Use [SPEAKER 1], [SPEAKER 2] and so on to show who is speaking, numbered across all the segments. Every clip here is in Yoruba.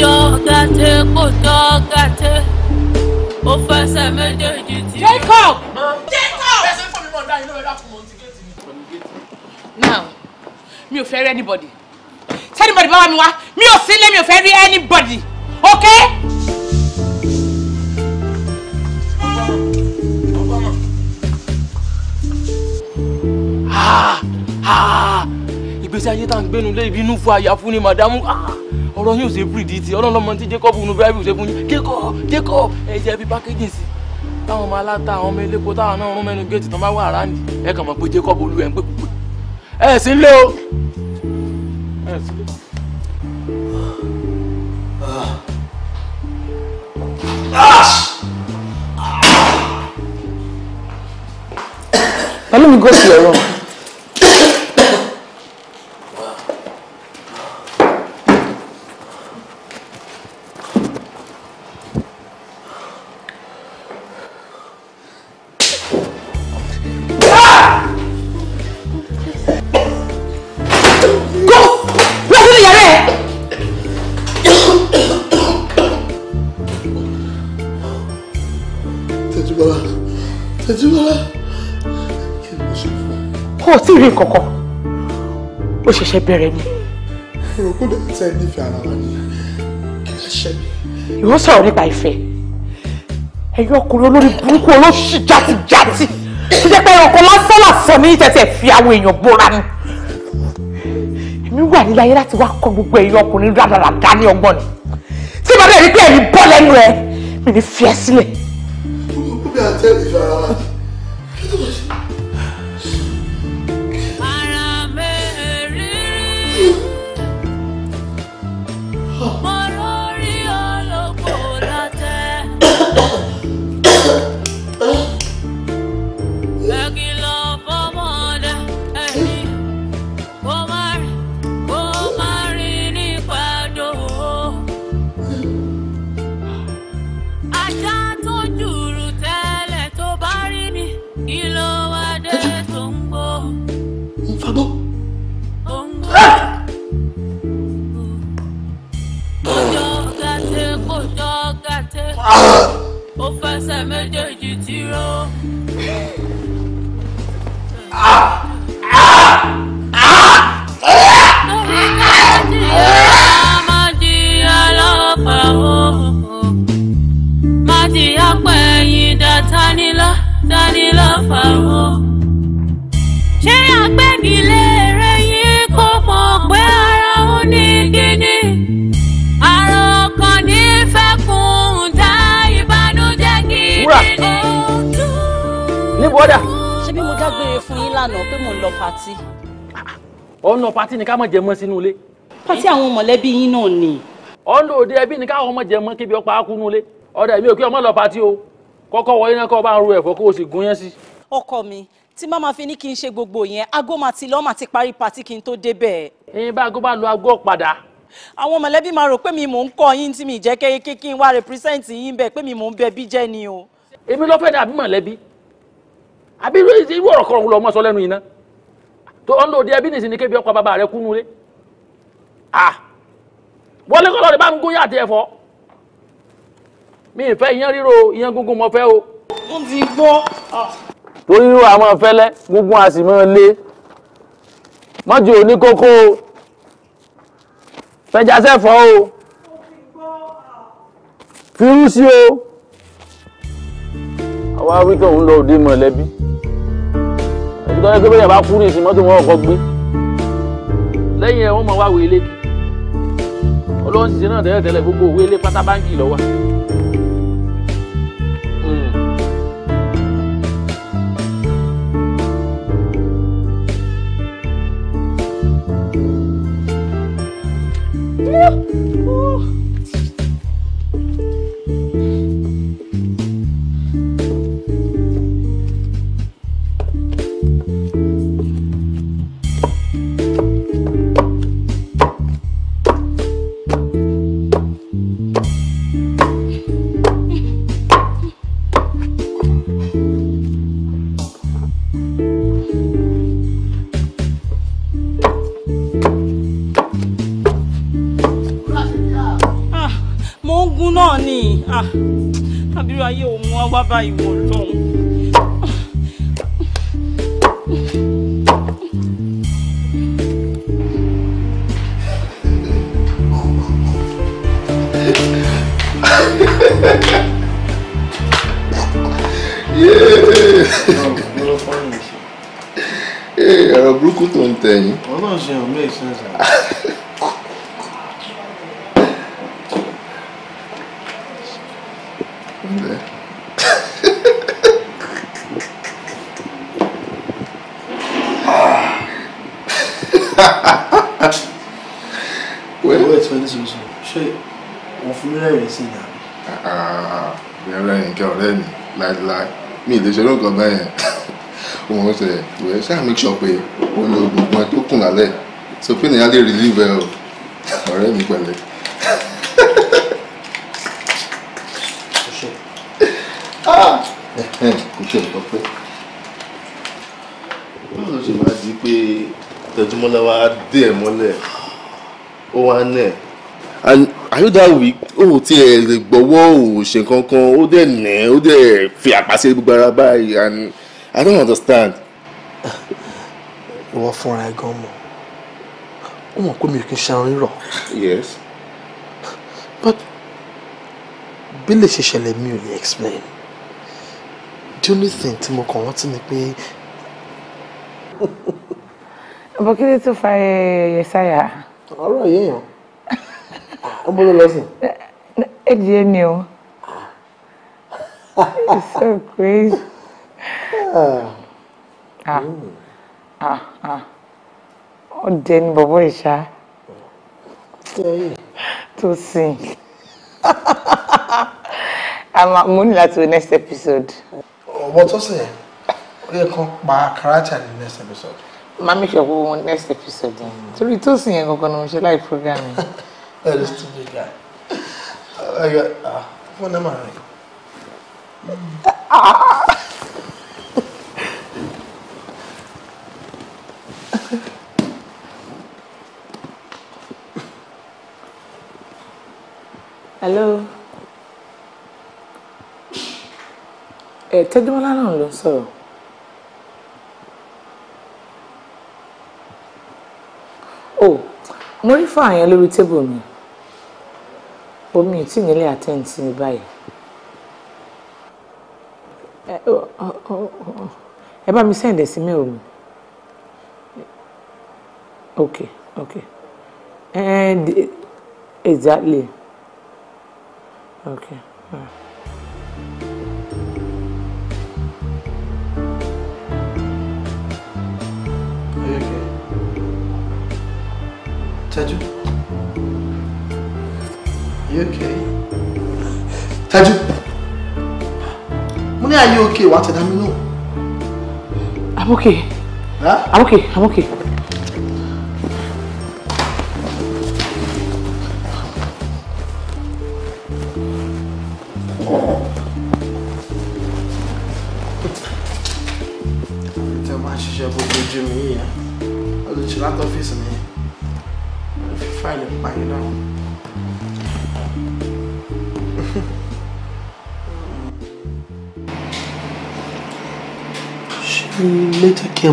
[SPEAKER 1] jọ gàtẹ kò jọ gàtẹ ó fẹsẹ̀ méjèèjì tì. Jacob. Jacob. ẹsẹ̀ fún mi mọ̀ dáa inú ẹ̀dá fún mi ti géètì mi. now
[SPEAKER 2] mi ò fẹ́ rí anybody ṣé anybody bá wà mí wá mi ò sí ilé mi ò fẹ́ rí anybody okay.
[SPEAKER 3] Ah, ah. ìgbésí ayé tá à ń gbénu lé ibi inú fún àyà fún ni màdámù. Ah ọ̀rọ̀ yóò ṣe pìrìdìtì ọlọ́lọ́mọ tí Jacob nu bíráìbù ṣe fún yín Jacob Jacob ẹ̀jẹ̀ fi pákéjì sí táwọn ọmọ aláta àwọn ọmọ elépo táwọn náà rún mẹ́nu géètì tán bá wà ráàní ẹ kàn mọ̀ pé Jacob olú ẹ̀ ń pè púpọ̀
[SPEAKER 4] ẹ̀ sí ń lé o. Let me go to
[SPEAKER 2] rí kankan ó ṣẹ̀ṣẹ̀ bẹ̀rẹ̀ ni. èrò kó ìwọ sọ̀rọ̀ nípa ìfẹ́ ẹ̀yin ọkùnrin olórí burúkú olóṣì játijàti tó jẹ́ pé ọkọ̀ lásán lásán ní tẹ̀tẹ̀ fi àwọn èèyàn bóra ni. èmi wà nílé ayé láti wá kọ́ gbogbo ẹ̀yin ọkùnrin rádaràdá ní ọgbọ́n ni tí
[SPEAKER 1] bàbá rí pé ẹ̀yin bọ́
[SPEAKER 2] lẹ́nu ẹ mi ní fi ẹ sílẹ̀.
[SPEAKER 5] kó bẹ̀rẹ̀ tẹ́ nífẹ̀ẹ́ ara wa
[SPEAKER 1] kí ló ṣe
[SPEAKER 3] ni ká má jẹ mọ́ sínú ilé. pọ́tí àwọn mọ̀lẹ́bí yín náà ni. ọ̀nà òde ẹbí ni káwọn ọmọ jẹ mọ́ kébi ọ̀pá akúnú ilé ọ̀dà mi ò kí ọmọ lọ pati o
[SPEAKER 6] kọ́kọ́ wọ iná kọ́ bá ń ru ẹ̀fọ́ kó o sì gún yẹn sí. ọkọ mi tí má máa fi ní kí n ṣe gbogbo yẹn aago máa ti lọ́ọ́ máa ti parí pati kí n tó débẹ̀. ẹyin bá aago bá lu aago padà. àwọn
[SPEAKER 3] mọ̀lẹ́bí máa rò pé mi mò ń kọ́ yín tí mi jẹ́ kéèké kí n wá mi mò ń o. èmi ló fẹ́ dàbí mọ̀lẹ́bí àbí irú ọ̀rọ̀ kan lọ́mọ tó ọ́n lòdì ẹbí nìsín ní kébi ọkọ̀ bàbá rẹ kú nulẹ̀ ah wọlé kọ́lọ́ rẹ bá ń gún yàtí ẹ̀fọ́ mi ì fẹ́ ìyẹn ríro ìyẹn gúngún mọ́ fẹ́ o. wọ́n ti gbọ́. torí àwọn fẹ́lẹ́ gúngún a sì máa lé mọ́jú òní kókó o fẹjá sẹ́fọ́ o fírú sí o àwa wíkẹ́ òun lọ òde mọ̀lẹ́bí ibi pé bẹ́ẹ̀ bá kú ní ìsìn mọ́tò wọn ọkọ̀ gbé lẹ́yìn ẹ̀ wọ́n mọ̀ wá wé ilé kì olóhùn ṣiṣẹ́ náà tẹ́lẹ̀ gbogbo òwe ilé pátá báńkì lọ́wọ́
[SPEAKER 5] Oh! Hmm.
[SPEAKER 6] ogun náà ni ah, abiru ayé òun wá wá báyìí wọ̀ lọ́hùn.
[SPEAKER 7] ọ̀rọ̀ burúkú tó ń tẹ̀yìn.
[SPEAKER 8] ọlọ́run ṣe hàn mí ìṣẹ́nsẹ̀.
[SPEAKER 7] láìláì mi ì lè ṣerú nǹkan bẹ́ẹ̀ òun ṣe ìwé ṣáà make sure pé o lo gbogbo ẹ tó kùn lálẹ́ so pé nìyá lè relieve ẹ o ọ̀rẹ́ mi pẹ̀lẹ́. Ah! kò tí ò lọ pé. báwo ló ṣe máa di pé tẹjúmọ́lá wa dé ẹ̀ mọ́lẹ̀ ó wá nẹ̀. and are you that weak? ó ti ẹ̀ gbọ́wọ́ ò kankan ó dẹ̀ nẹ́ ó dẹ̀ fi àpàṣẹ gbogbo ara báyìí and I don't understand.
[SPEAKER 8] ìwọ fúnra ẹ gan mọ ó mọ pé mi kì í ṣe àrùn rọ. yes. but bí lè ṣe ṣẹlẹ̀ mi ò lè explain the only thing tí mo kàn rántí ni pé.
[SPEAKER 2] bọ́kílì tó fa eh, ẹ̀yẹ sáyà. ọ̀rọ̀ yẹn yàn ọmọ lọ sùn. ẹ dìde ni o it's so crazy. Ah, ah, ah. ó dé ní bọ̀bọ̀ ìṣá tó sìn mo ní láti wo next
[SPEAKER 8] episode. ọ̀bọ tó sẹ̀ ó yẹ kó pa káràtà ní next episode máa mi sọ next episode yẹn
[SPEAKER 2] torí tó sì yẹn gangan ni mo ṣe láì program yẹn. that
[SPEAKER 8] is too big guy ayọ̀ fún nọ́mbà rẹ̀.
[SPEAKER 2] hello ẹ eh, tẹjúmọlá náà ló ń sọ̀rọ̀. o oh, mo rí fún àyàn lórí tébù omi tí nílé àtẹ̀ǹtì ní báyìí ẹ bá mi sẹ́ǹdẹ̀ sí mi ò mi ok ok and exactly ok. Uh.
[SPEAKER 8] Tadinho you okay? Taju? mo are you okay? Wà á tẹ̀dá mi náà. I'm okay. Huh? I'm okay, I'm okay.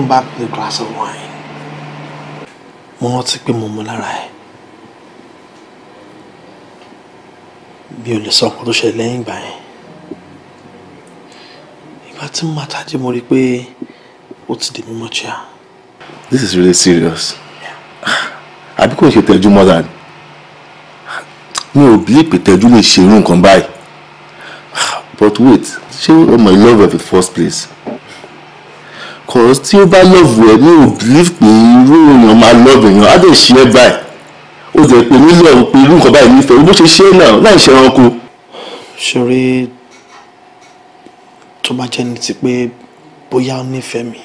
[SPEAKER 8] came back with a glass of wine mo rántí pé mo mu lára ẹ̀ bí o lè sọ nǹkan tó ṣẹlẹ̀ lẹ́yìn ìgbà yẹn ìgbà tí mo máa tají mo rí pé ó ti dè mí mọ́ chair.
[SPEAKER 7] this is really serious àbí kò ṣe tẹ́jú mọ́ than mi ò bí ìpè tẹ́jú lè ṣe irú nǹkan báyìí but wait ṣé ọmọ ìlọ́ọ̀bẹ̀ fi first place cause tí ó bá lọ́ọ̀bù ẹ̀ ní òbílíf pé irú èèyàn máa lọ́ọ̀bù èèyàn á dẹ̀ ṣe ẹ́ báyìí ó dẹ̀ pé mílíọ̀nù pé irú nǹkan
[SPEAKER 8] báyìí nífẹ̀ẹ́ bó ṣe ṣe é náà láì ṣe ẹranko. ṣeré tó bá jẹ́ ní ti pé bóyá ó nífẹ̀ẹ́ mi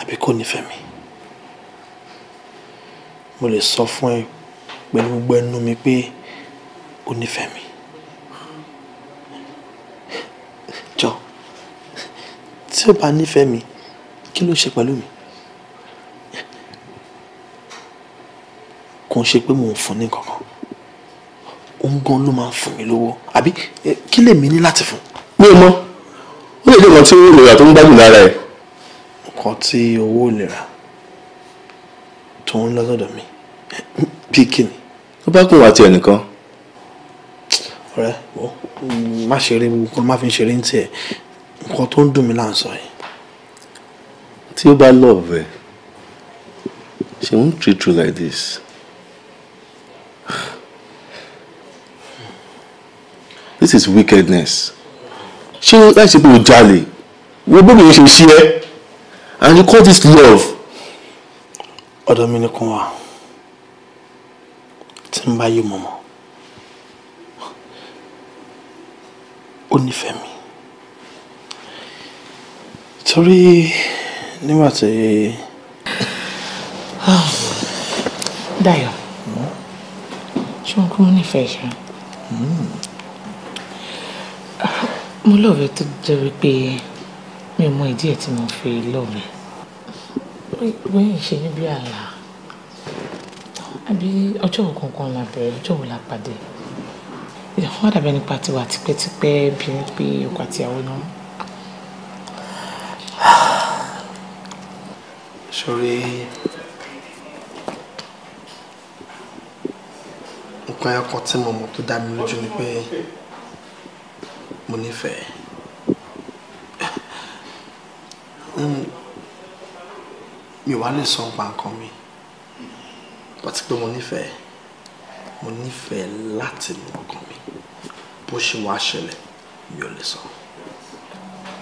[SPEAKER 8] àbí kò nífẹ̀ẹ́ mi mo lè sọ fún ẹ pẹ̀lú gbogbo ẹnu mi pé ó nífẹ̀ẹ́ mi. jọ tí ó bá nífẹ̀ẹ́ mi kí ló ṣe pẹ̀lú mi kò ń ṣe pé mò ń fún ní kankan òun gan ló máa ń fún mi lówó àbí kí lèmi ní láti fún. mi ò mọ ó lè jẹ́ nǹkan tí owó ìlera tó ń gbádùn lára ẹ̀. nǹkan tí owó ìlera tó ń lọ́sọ̀dọ̀ mi bíi kíni. ó bá kùn àti ẹnìkan. ọ̀rẹ́ má ṣeré kó má fi ṣeré ń tiẹ̀ nǹkan tó ń dùn mí là yìí
[SPEAKER 7] tí ó bá love ẹ she won't treat you like this. this is wickedness. ṣé
[SPEAKER 8] láìsí pé o jalè wo bóbi yẹn ṣe ṣí ẹ and you call this love. ọ̀dọ̀ mi ni kún wa tí n bá yí mọ̀mọ́ ó nífẹ̀ẹ́ mi torí nígbà tí. Dayọ̀ ṣé wọn
[SPEAKER 2] kún nífẹ̀ẹ́ ṣá mo lọ́ọ̀rẹ́ tó jẹ́ wípé mi ò mọ ìdí ẹ̀ tí mo fi lọ́ọ̀rẹ́ bóyá ṣe níbi àlá àbí ọjọ́ wo kankan la bẹ̀rẹ̀ ọjọ́ wo la pàdé wọ́n dàbẹ́ nípa tiwa tipẹ́tipẹ́ bí wọ́n pé ọkọ àtìyàwó náà
[SPEAKER 8] sórí nǹkan ẹ̀kan tí mo mọ̀ tó dá mi lójú ni pé mo nífẹ̀ẹ́ hmm, mi wàá lè sọ nípa nǹkan mi pàtí pé mo nífẹ̀ẹ́ mo nífẹ̀ẹ́ láti inú ọkàn mi bó ṣe wá ṣẹlẹ̀ mi ò lè sọ.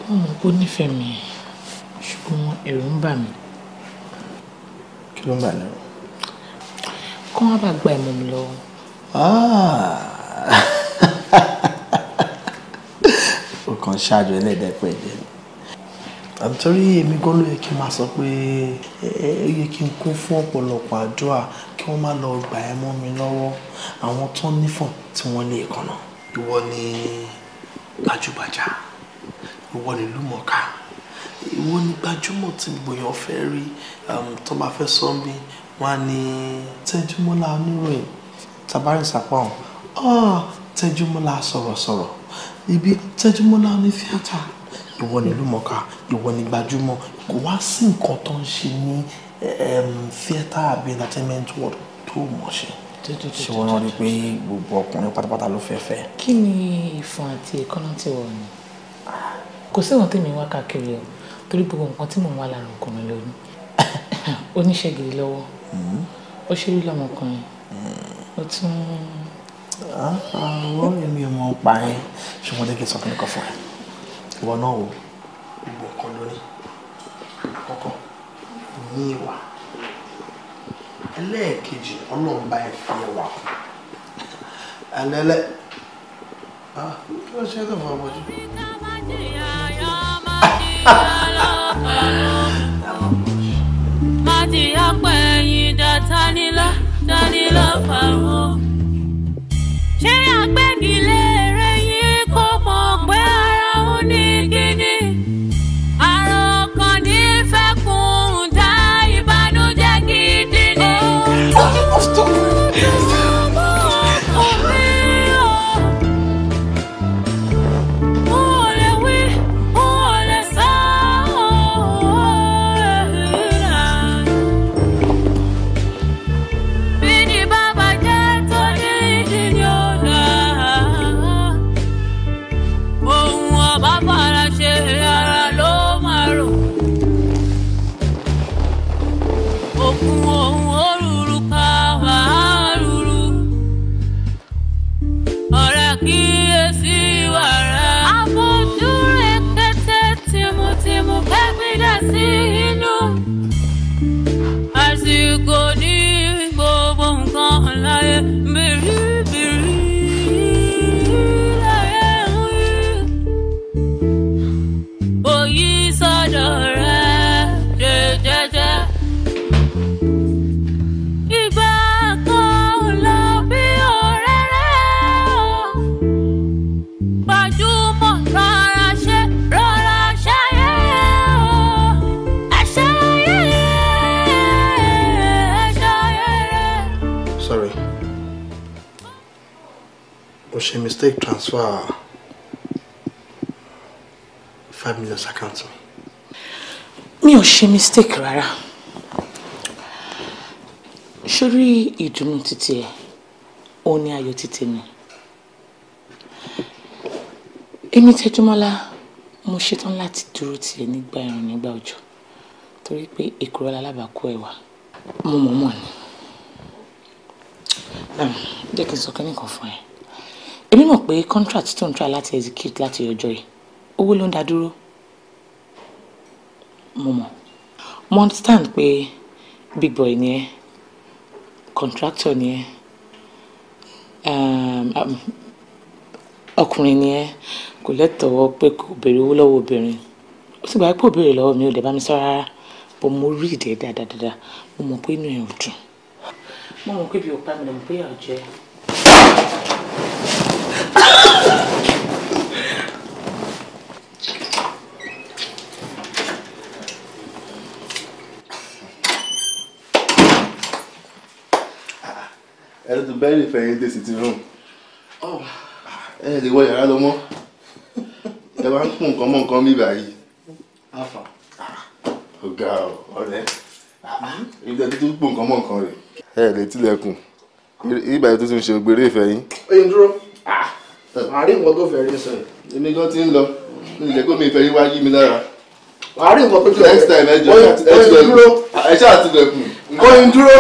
[SPEAKER 2] mo mọ̀ pé ó nífẹ̀ẹ́ mi ṣùgbọ́n ẹ̀rù ń bà mí ló ń bà lẹ́rù. kó wọn bá gba ìmọ̀ mi lọ́wọ́. o
[SPEAKER 8] ah! kàn ṣáájú ẹlẹ́dẹ̀ pẹ̀ jẹ́ àbítorí èmi gan ló yẹ kí n máa sọ pé ẹ yẹ kí n kún fún ọ̀pọ̀lọpọ̀ àdúrà kí wọ́n má lọ gbà ẹ́ mọ́ mi lọ́wọ́ àwọn tó nífọ̀n tí wọ́n ní ìkànnà ìwọ ni gbajúgbajà ìwọ ni lúmọ̀ọ́ká ìwọ ni gbajúmọ̀ tí gbòyàn fẹ́ rí tó bá fẹ́ sọ mí wọn á ní tẹjúmọ́lá oníròyìn tabarin sapahun tẹjúmọ́lá sọ̀rọ̀sọ̀rọ̀ ibi tẹjúmọ́lá ní tíátà ìwọ ni ìlúmọ̀ọ́ká ìwọ ni gbajúmọ̀ kò wá sí nǹkan tó ń ṣe ní theatre àbí entertainment world tó mọ̀ ṣe ṣé wọ́n rántí pé gbogbo ọkùnrin pátápátá ló fẹ́ fẹ́.
[SPEAKER 2] kí ni ìfọ̀n àti ìkọ́nà tí wọ́n ní kò sí ìwọ̀n tèmi wá káàkiri o torí gbogbo nǹkan tí mò ń wá lára ọkùnrin lónìí oníṣègùn lọ́wọ́ mm-hmm. ó ṣerú o ó tún.
[SPEAKER 8] àwọn èmi ò mọ pa ẹ ṣùgbọ́n dẹ́kẹ́ sọ fún mi kọ́ fún ẹ ìwọ náà o gbogbo ọkọ lórí kọ́kọ́ ní ìwà ẹlẹ́ẹ̀kejì ọlọ́run bá ẹ fi ẹwà kù ẹlẹ́lẹ́ ah, kí ló ṣe é tó fún ọmọ jù.
[SPEAKER 1] adìyẹ pẹ̀yìn dá tanilá tanilá fàrọ̀.
[SPEAKER 8] transfer five million account
[SPEAKER 2] mi. mi ò ṣe mistake rárá sórí ìdùnnú títí ẹ òun ni ayọ̀ títí mi èmi tẹjúmọ́lá mo ṣetán láti dúró tiẹ nígbà ẹ̀rùn nígbà òjò torí pé èkúrọ alábàákú ẹ wà mo mọ̀ mọ̀ ni jẹ́ kí n sọ kí nìkan fún ẹ èmi mọ̀ pé contract tó ń try láti execute láti ọjọ́ yìí owó ló ń dá dúró mo mọ̀ mo understand pé big boy ni ẹ́ contractor ni ẹ́ um, um, ọkùnrin ni ẹ́ kò lẹ́tọ̀ọ́ pé kò béèrè owó lọ́wọ́ obìnrin ó sì gbà pé ò béèrè lọ́wọ́ mi ò dẹ̀ bá mi sọ rárá bó mo rí ìdẹ́ dáadáa mo mọ̀ pé inú ẹ̀ ò dùn mo mọ̀ pé bí o pa mi lọ́mọ pé ìyà ò jẹ́
[SPEAKER 7] tó bẹ́ẹ̀ lè fẹ̀yìn dé sitting room ẹ lè wọ yàrá lọ mọ́ ẹ bá ń kún nǹkan mọ́ nǹkan mi báyìí. afa. ọ̀gá ọ̀rẹ́ ibi tẹ́ tó kún nǹkan mọ́ nǹkan rẹ̀. ẹ lè tilẹ̀kùn ibà yìí tó ti ń ṣe ògbéré ìfẹ́ yín. oye n dúró ah. àárín nǹkan tó fẹ́ rí sọ yìí. èmi gan ti ń lọ mi jẹ́ kó mi ìfẹ́ yín wá yí mi lára. àárín nǹkan tó fẹ́ rí sọ yìí. oye n dúró ẹ ṣáà tilẹ̀kùn. oye dúró.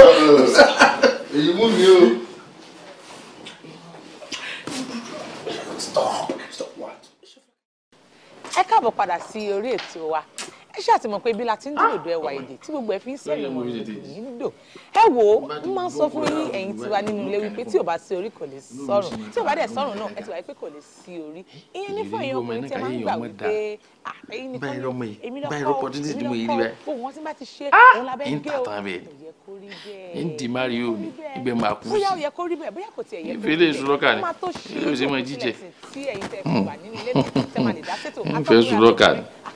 [SPEAKER 7] èyí mú mi o.
[SPEAKER 2] káàbọ̀ padà sí orí ètò wa ẹ ṣáà ti mọ̀ pé ibi la ti ń dúró ah, do ẹwà èdè tí gbogbo ẹ fi ń sẹ́yìn
[SPEAKER 1] wọn yìí
[SPEAKER 2] ń dò ẹ wò ó n máa ń sọ fún yín ẹ̀yin tiwa nínú ilé wípé tí ò bá sí orí kò lè sọ̀rùn tí ò bá dẹ̀ sọ̀rùn náà ẹ ti wà pé kò lè sí orí
[SPEAKER 9] ìyẹn ní fún ẹ̀yin ọkùnrin tí ẹ máa ń gbà wípé
[SPEAKER 2] ẹ̀yin nìkan ni èmi lọ́kọ́ èmi lọ́kọ́ òun wọn ti bá ti ṣe ah! òun lábẹ́ ń gé
[SPEAKER 3] o ń di mario ni ibẹ̀ máa kú sí bóyá
[SPEAKER 2] ó yẹ kó rí bẹ́ẹ̀ bóyá kò tiẹ̀ yẹ kó rí bẹ́ẹ̀ ó máa tó ṣe é ó sì máa jíjẹ
[SPEAKER 3] ń fẹ́ sùn lọ́kà ni.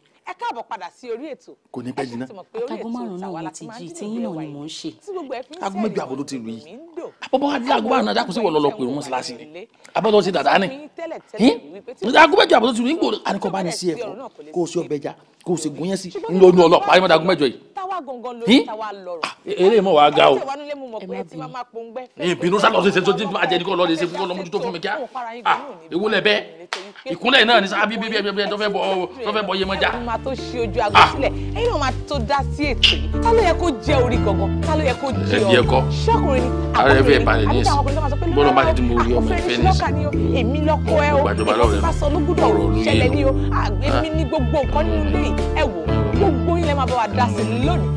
[SPEAKER 2] ẹ káàbọ̀ padà sí orí ètò.
[SPEAKER 3] kò ní pẹ́ jiná. àtàgọ́ márùn-ún náà mo ti jí tẹ́yìn náà ni mò ń ṣe. aago méjì àbọ̀ ló ti lù yìí. àbọ̀bọ̀ wa dé aago márùn-ún náà dákun sí wọ́n lọ́lọ́ pé òun síláṣí ni abọ́dọ̀ ó ti dàdá ni. aago méjì àbọ̀ ló ti lù yìí gbòòrò àníkọ́ bá ní sí ẹ̀fọ́ kó o sí ọbẹ̀ já kó o ṣe gun yẹn sí ńlọ ní ọlọ́pàá ayé mọdàgún mẹ́jọ yìí. táwa gangan lórí táwa lọ́rọ̀. Ah, e, eré mọ wàá ga o. ìbínú sálọ ṣe ṣe tó ti máa jẹ ní kó lọ lè ṣe fún kó lọ mójútó fún mi kíá. Ah, ewu lẹ bẹ ìkúnlẹ̀ náà ní sábà bíbí ẹbí ẹbí tó fẹ́ bọ tó fẹ́ bọ yé mọjà. ẹni máa tó ṣe ojú aago ah.
[SPEAKER 2] sílẹ̀ ẹni náà máa tó dá sí ètò yìí ta ló yẹ kó jẹ orí gangan ta ló yẹ kó jẹ ọ. ẹbí ẹkọ ara ẹbí ẹ balẹ̀ ní ẹsẹ̀ bọ́lá bá ti di mo rí ọmọ ìfẹ́ ní ẹsẹ̀. gbàdúrà lọ́wọ́ rẹ̀ mi ọ̀rọ̀ ló yẹ ẹ wò gbogbo yín lẹ́ máa bá wa dá sí lónìí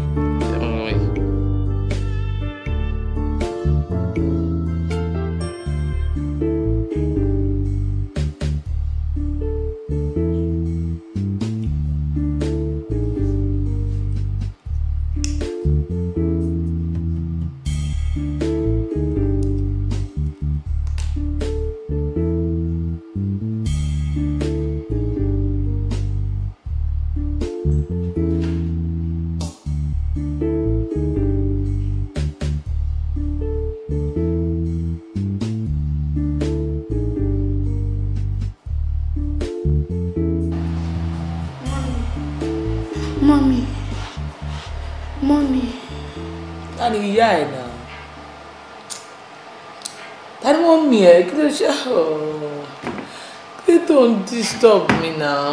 [SPEAKER 2] ni ìyá ẹ̀ náà ta ni wọ́n mì ẹ́ kí ló ṣe kí ló tó ń disturb mi náà.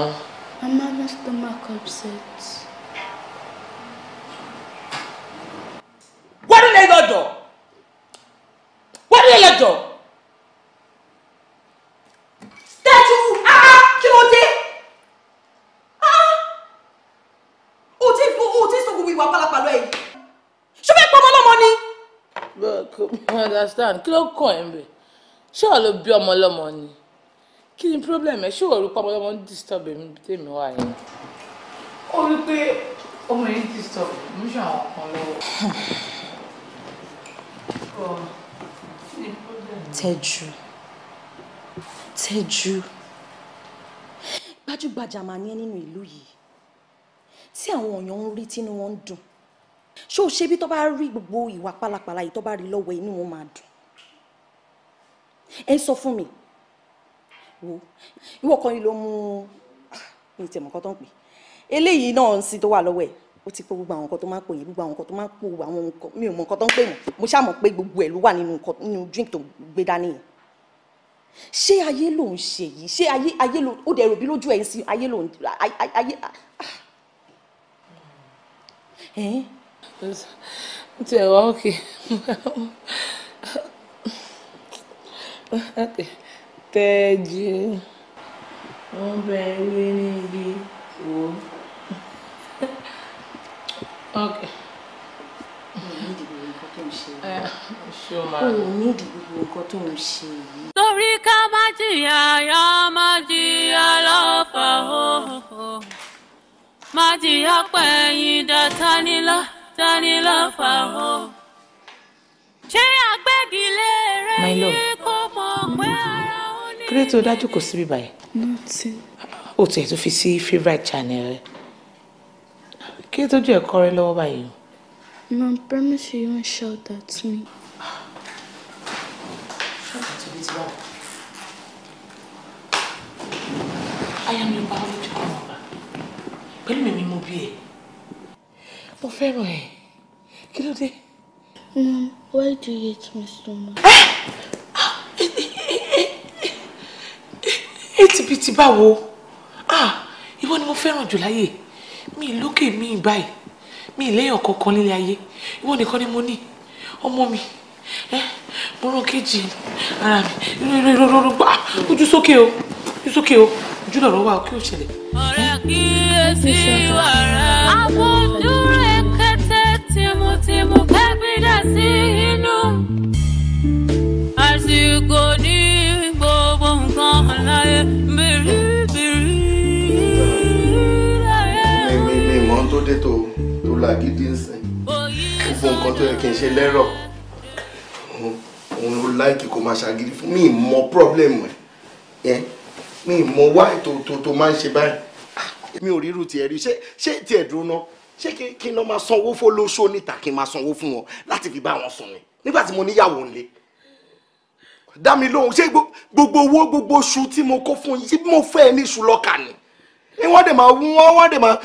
[SPEAKER 10] mama my stomach upset.
[SPEAKER 2] understand kí ló kàn ẹ́ mbẹ̀ ṣé wàá ló bí ọmọ lọ́mọ ni kí ni problem ẹ ṣé wàá rí pé ọmọ lọ́mọ ń disturb èmi tèmi wà yẹn. ó rí pé ọmọ yìí disturb mú ṣe àwọn kan lọ́wọ́.
[SPEAKER 11] Tẹ́jú Tẹ́jú gbajúgbajà mà ní ẹ nínú ìlú yìí tí àwọn èèyàn ń rí tínú wọn ń dùn ṣó ṣe bí tó bá rí gbogbo ìwà pálapàla yìí tó bá rí lọ́wọ́ inú wọn máa dùn ẹ ń sọ fún mi wo ìwọ kan yìí ló mú mi tẹ̀mọ́ nǹkan tó ń pè eléyìí náà ń sin tó wà lọ́wọ́ ẹ̀ ó ti pé gbogbo àwọn nǹkan tó máa ń pò yẹn gbogbo àwọn nǹkan tó máa ń pò àwọn nǹkan mi ò mọ nǹkan tó ń pè mọ́ mo ṣáà pé gbogbo ẹ̀ ló wà nínú nínú drink tó gbé dání yẹn ṣé ayé ló ń ṣe yìí ṣé ayé ayé ló ó dẹ̀ rò lójú ẹ̀ ń sin ayé ló ń ayé ayé. Ah
[SPEAKER 2] n tiẹ̀ wá òkè tẹ́ẹ̀jì wọ́n bẹ ewé ní ibi wò ó.
[SPEAKER 1] Torí ká má jìyà yá má jìyà lọ́fà ó. Má jìyà pẹ̀yìn dàtánilá tani ló fà ó. ṣé àgbẹ̀gìlẹ̀ rẹ yé
[SPEAKER 2] kó mọ̀ pé ara ó ní. kí ló tó dájú kò síbi báyìí. o tiẹ̀ tó fi sí favourite channel rẹ kí ló tójú ẹ̀ kọ́ rẹ lọ́wọ́ báyìí.
[SPEAKER 10] mom promise you won't shout at me.
[SPEAKER 2] I am your biological mother. Pẹ̀lú mi ni mo bí
[SPEAKER 5] mo fẹ́ràn ẹ̀ kí ló dé. Mom, why do you hate me so
[SPEAKER 2] much? ètì bíi ti báwo ìwọ ni mo fẹ́ràn jù láyé mi lókè mi báyìí mi léèyàn kankan nílé ayé ìwọ nìkan ni mo ní ọmọ mi mo rán kejì ara mi rírírírírú gbà ojú sókè o ojú sókè o
[SPEAKER 5] ojú lọ́rọ̀ wà kí ó ṣẹlẹ̀. ọ̀rẹ́
[SPEAKER 1] kí èsì wàrà.
[SPEAKER 12] lágídí nsìn gbogbo nǹkan tó yẹ kí n ṣe lẹ́rọ̀ òun ló láìkì kó máa ṣàgídí fún mi mọ problem ẹ mi mọ wáì tó tó tó máa ń ṣe báyìí ah, mi ò ríru tiẹ̀ rí ṣé ṣé tiẹ̀ dúró náà ṣé kí n lọ máa sanwó fún olóṣó níta kí n máa sanwó fún wọn láti fi bá wọn sùn ni nígbà tí mo níyàwó ńlẹ̀ dá mi lóhùn ṣé gbogbo owó gbogbo oṣù tí mo kó fún yìí mo fẹ́ ẹ ní iṣu ni ni wọ́n dẹ̀ máa wú wọ́n wọ́n dẹ̀ máa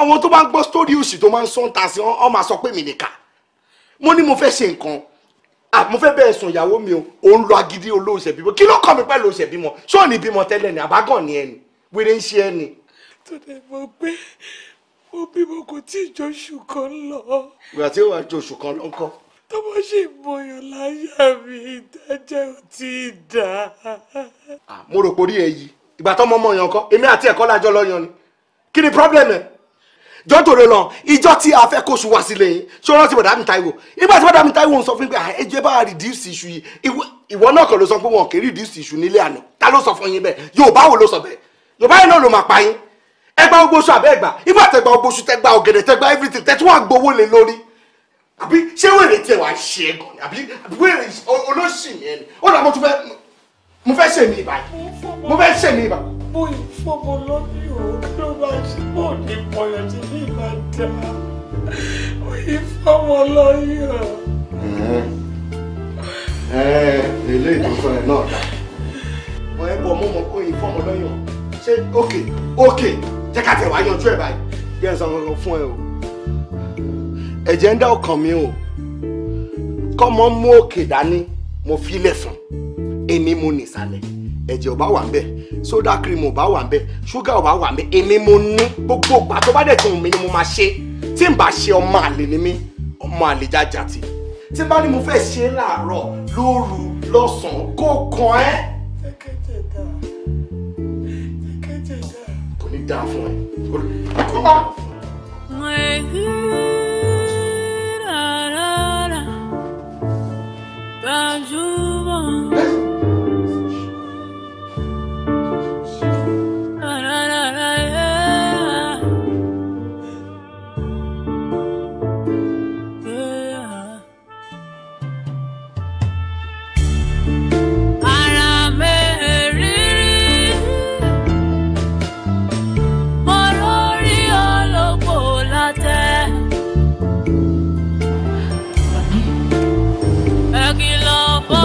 [SPEAKER 12] àwọn tó máa ń gbọ́ sítórì òsì tó máa ń sọ́n ta sí wọ́n máa sọ pé mi nìka mo ní mo fẹ́ ṣe nǹkan mo fẹ́ bẹ́ẹ̀ sùn ìyàwó mi o òun lọ agídí olóòṣè bímọ kí ló kàn mí pẹ̀lú òṣè bímọ ṣó bímọ tẹ́lẹ̀ ni àbágàn ni ẹni wéré ń ṣe ẹni.
[SPEAKER 5] tó dẹ̀ mọ̀ pé mo bímọ kò tí ì jọ́ṣù kan lọ.
[SPEAKER 12] ìgbà tí ó wàá jọ́ṣù kan ló ń kọ́.
[SPEAKER 5] tọ́mọ ṣì mọyàn láyà mi ìdájẹ́ ò tí ì dá. mo rò pé orí ẹ
[SPEAKER 12] yìí ìgbà tó mọ́ mọ́ yan kọ́ èmi àti ẹ̀kọ́ lájọ lọ yan ni kí ni problem ẹ̀ jọ́ tòrò lọ ìjọ tí a fẹ́ kó ṣùwà sílẹ̀ yìí ṣé wọ́n ti bọ̀dá mi Táíwò ìgbà tí bọ̀dá mi Táíwò ń sọ fún mi pé ah, ẹjọ́ bá reduce iṣu yìí ìwọ náà kàn ló sọ pé wọn kì í reduce iṣu nílé àná ta ló sọ fún yín bẹ́ẹ̀ Yorùbá wo ló sọ bẹ́ẹ̀ Yorùbá yẹn náà ló máa pa yín ẹgbà ogboṣu àbẹ́ ẹgbà ìgbà tẹgbà ogboṣu tẹgbà ọ̀gẹ̀dẹ̀ tẹgbà everything tẹ́tí wọ́n á gbowó lé lórí àbí ṣé wèrè tiẹ̀ wá ṣe é gan ni àbí wèrè olóṣì yẹn ni ó làwọn tún fẹ́ mo fẹ́ ṣèmi ìbàdí mo fẹ́ ṣèmi ìbàdí.
[SPEAKER 5] mo ìfọmọ lọ́bí o ló máa ṣe mọ̀ ní pọ̀yọ̀ tí mi máa dá mo ìfọmọ lọ́bí o.
[SPEAKER 7] ilé ìtọ́sọ ẹ̀ náà dá
[SPEAKER 12] wọ́n ẹ̀ bọ̀ mo mọ̀ pé ìfọmọ lọ́yọ̀ ṣé òkè òkè jẹ́ ká tẹ̀ wá yanjú ẹ̀ báyìí bí ẹ̀ sọ fún ẹ o ẹ̀jẹ̀ ń dá ọkàn mi o kọ́ mọ́ mú òkè dání mo fi lẹ̀ sùn èmi mo ní ìsàlẹ̀ ẹ̀jẹ̀ ò bá wà ńbẹ̀ soda cream ò bá wà ńbẹ̀ ṣúgà ò bá wà ńbẹ̀ èmi mo ní gbogbo ìgbà tó bá dẹ̀ tún mi ni mo máa ṣe tí n bá ṣe ọmọ àlè ni mí ọmọ àlè jàjàtì tí bá ní mo fẹ́ ṣe láàárọ̀ lóru lọ́sàn-án kó kan ẹ́. kò ní dáa fún ẹ kò ní dáa fún ẹ.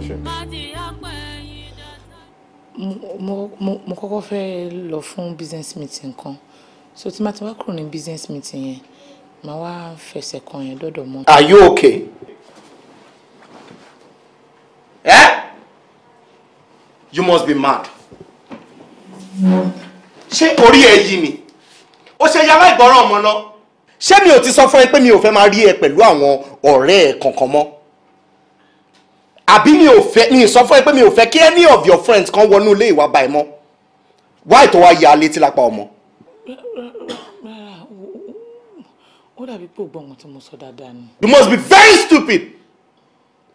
[SPEAKER 12] fẹ́
[SPEAKER 2] ṣe. mo kọ́kọ́ fẹ́ lọ fún business meeting kan so tí màá ti wá kúrò ní business meeting yẹn màá wá fẹsẹ̀ kan yẹn dọ́dọ̀ mọ́. are you
[SPEAKER 12] okay? Eh? you must be mad. ṣé orí ẹ yí ni ó ṣe yàrá ìgbọràn ọmọ náà ṣé mi ò ti sọ fún ẹ pé mi ò fẹ́ máa rí ẹ pẹ̀lú àwọn ọ̀rẹ́ ẹ kankan mọ́ àbí mi ò fẹ́ mi sọ fún ẹ pé mi ò fẹ́ kí any of your friends kan wọnú ilé ìwà báyìí mọ́ wá ìtọ́ wa ya létí lápá ọmọ.
[SPEAKER 2] ó dàbí pé ògbọ́n
[SPEAKER 12] tí mo sọ dáadáa ni. you must be very stupid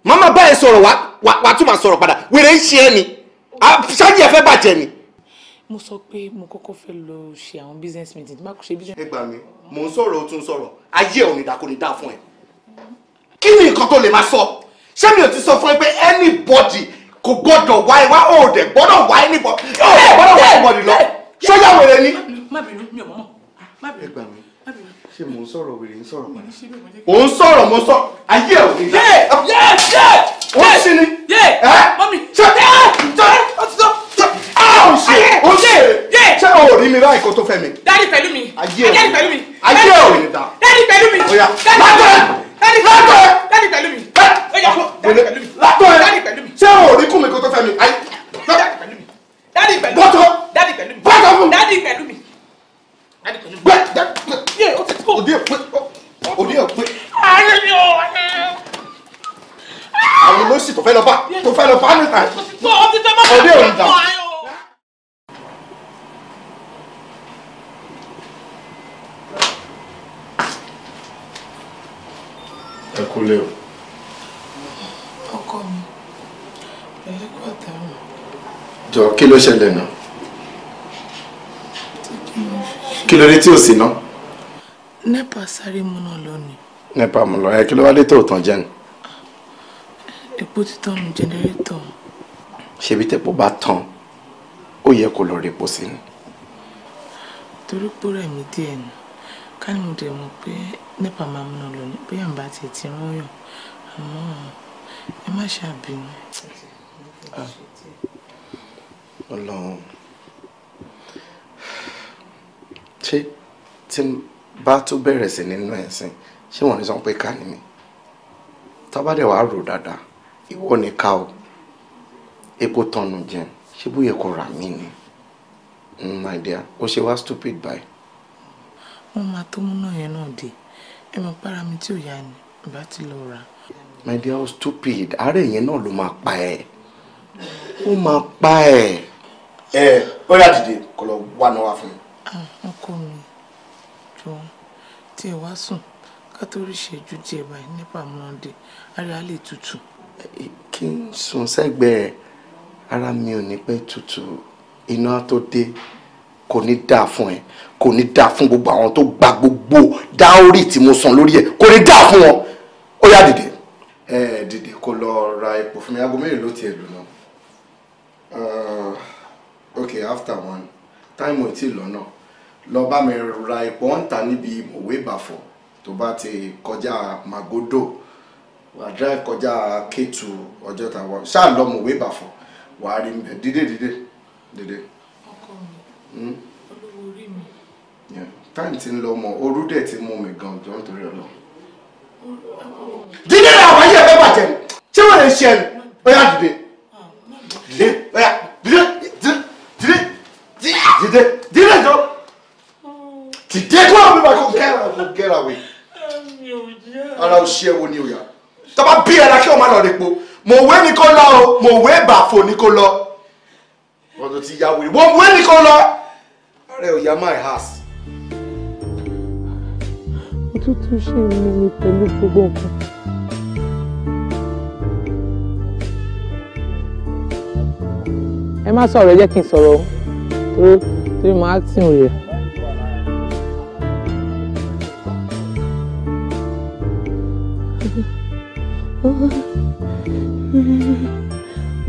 [SPEAKER 12] mama báyìí sọ̀rọ̀ wá tún máa sọ̀rọ̀ padà wèrè ń ṣe ẹ́ ni ṣáàjì ẹ̀ fẹ́ bàjẹ́ ni.
[SPEAKER 2] mo sọ pé mo kọ́kọ́ fẹ́ lọ ṣe àwọn business meeting tí má business. ẹ gbà mí mò ń sọ̀rọ̀ o tún sọ̀rọ̀ ayé ẹ̀ ò ní dákò
[SPEAKER 12] ní dá fún ẹ kí ni nǹkan tó lè máa sọ ṣé mi ò ti sọ fún ẹ pé anybody kò gbọ́dọ̀ wá ẹ wá ó dẹ̀ gbọ́dọ̀ wá anybody ó dẹ̀ gbọ́dọ̀ wá anybody lọ
[SPEAKER 2] sọ́yà wèrè ni. má bínú mi ò mọ̀ ah, má bínú. ẹ gbà mí
[SPEAKER 12] ṣé mò ń sọ̀rọ̀ wèrè ń sọ̀rọ̀
[SPEAKER 2] padà. ò ń sọ̀rọ̀
[SPEAKER 12] mo sọ ayé ò ní. ó sì ni. ṣé ó ṣe
[SPEAKER 2] ó ṣe ṣé o rí
[SPEAKER 12] mi báyìí kó tó fẹ́ mi.
[SPEAKER 2] dárí pẹ̀lú mi. ayé ò ní da. dárí pẹ̀lú mi. dárí pẹ̀lú mi dádì látọ̀ ẹ dádì pẹ̀lú mi látọ̀ ẹ
[SPEAKER 12] ṣé o rí kún mi kó tó fẹ́ mi. dádì pẹ̀lú mi bọ́tọ̀ dádì pẹ̀lú mi bọ́tọ̀ fún mi dádì pẹ̀lú mi. òde pé òde pé.
[SPEAKER 9] ayé mi ò wá
[SPEAKER 5] àwọn
[SPEAKER 12] olóṣì tó fẹ́ lọ bá tó fẹ́ lọ bá nìkan òde òǹdà.
[SPEAKER 7] kúnlẹ̀ o.
[SPEAKER 5] ọkọ mi
[SPEAKER 2] pẹ̀lú pàtàkì.
[SPEAKER 7] jọ kí ló ṣẹlẹ̀ náà kí ló dé tí ò
[SPEAKER 12] sí ná.
[SPEAKER 2] nepa sáré múná lónìí.
[SPEAKER 12] nepa mú lọ ẹ kí ló wá dé tó tán jẹ ni.
[SPEAKER 2] epo títàn ní jẹnẹrétọ̀.
[SPEAKER 12] ṣebí tẹ́pọ̀ bá tán ó yẹ kó lọ rí epo sí ni.
[SPEAKER 2] torí pé rẹ̀ díẹ̀ ni kánú dẹ̀ mọ̀ pé nípa máa múná lọ ní bóyá ń bá tiẹ̀ ti rán yàn àmọ́ ẹ má ṣàbínú.
[SPEAKER 12] Ah. ọlọ́run ṣé tí bá tó bẹ̀rẹ̀ sí nínú ẹ̀sìn ṣé wọ́n ní sọ pé ká ni mi tábàdẹ̀ wàá rò dáadáa ìwọ ni ká o epo tọnu jẹ ṣé bóyá kò rà mí ni hmm, my dear ó ṣe wá stupid báyìí
[SPEAKER 2] wọ́n máa tó múná yẹn náà dé ẹ mọ̀ para mi tí ò yá ni ìbá ti lọ rà.
[SPEAKER 12] my dear oh stupid àárẹ̀ yẹn náà ló máa pa ẹ̀
[SPEAKER 2] ó máa pa
[SPEAKER 12] ẹ̀. ẹ ó yà dìde kó lọ wá náà wá fún
[SPEAKER 2] mi. ọkọ mi jọ tí ẹ wá sùn ká tó rí ìṣẹ́jú díẹ̀ báyìí nípa mọ́ndé ara lè tutù. kí
[SPEAKER 12] n sùn sẹ́gbẹ̀ẹ́ ara mi ò ní pẹ́ tutù iná tó dé kò ní dáa fún ẹ kò ní dáa fún gbogbo àwọn tó gba gbogbo dáórì tí mo san lórí ẹ kò ní dáa fún wọn ó yá dìde. ẹ ẹ dìde kó lọ ra epo fún mi aago mẹ́rin ló tiẹ̀ lù náà ok after one time ò tí ì lọ́nà lọ bá mi ra epo ń ta níbi òwe ìbàfọ̀ tó bá ti kọjá magodo wà á drive kọjá kéètù ọjọ́ tàwọn ṣáà lọ́mọ òwe ìbàfọ̀ wà á rí mi bẹ́ẹ̀ dídé dídé dídé. Hmm? olówó orí mi. táyì ti ń lọ ọmọ orú dẹ̀ ti mú mi gan jọ nítorí ọlọ.
[SPEAKER 5] dídé náà wáyé ẹgbẹ́
[SPEAKER 12] bàjẹ́ ni ṣé wọ́n lè ṣe ẹni ó yá dìde dìde ó yá dìde dìde dìde dìde jọ dìde kó àwọn bíbá kó kẹ́ra kó kẹ́ra wẹ̀ ara ò ṣe ẹwo ni òyà tọ́ba bí ẹ̀rá kí wọ́n má lọ rí po mò ń wé ní kó lọ o mò ń wé bàfò ní kó lọ ọ̀dọ̀ ti yà wèrè wọ́n ń wé ní kó lọ ààrẹ ò yá my house.
[SPEAKER 5] òtútù ṣe mú mi pẹ̀lú gbogbo nǹkan.
[SPEAKER 2] ẹ má sọ̀rọ̀ ẹ jẹ́ kí n sọ̀rọ̀ tó tó mọ acting rẹ̀.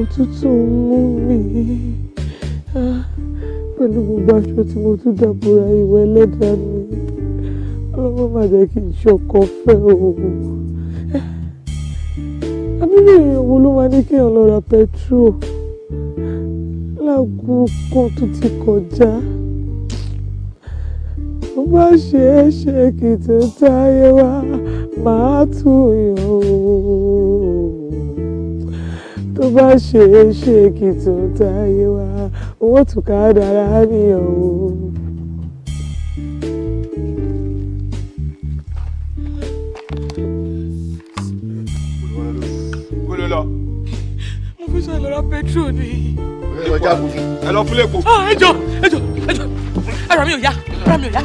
[SPEAKER 5] òtútù mú mi. Ah pẹ̀lú gbogbo aṣọ tí mo tún dàbòrà ìwọ ẹlẹ́dàá mi ọlọ́wọ́ má jẹ́ kí n ṣọkọ fẹ́ òun. abúlé èèyàn wo ló máa ní kéèyàn lọ ra pẹtrol láago kan tó ti kọjá mo bá ṣe é ṣe kì í tó táyé wá màá tún yàn ó tó bá ṣe é ṣe kì í tó táyé wá owó tùkà dára ní ọ̀hún. mo sọ lọ́ra petro ni. ẹ lọ fún lẹ́kọ̀ọ́. Ah, ẹ jọ ẹ jọ ẹ jọ ara mi ò yá ara mi ò yá.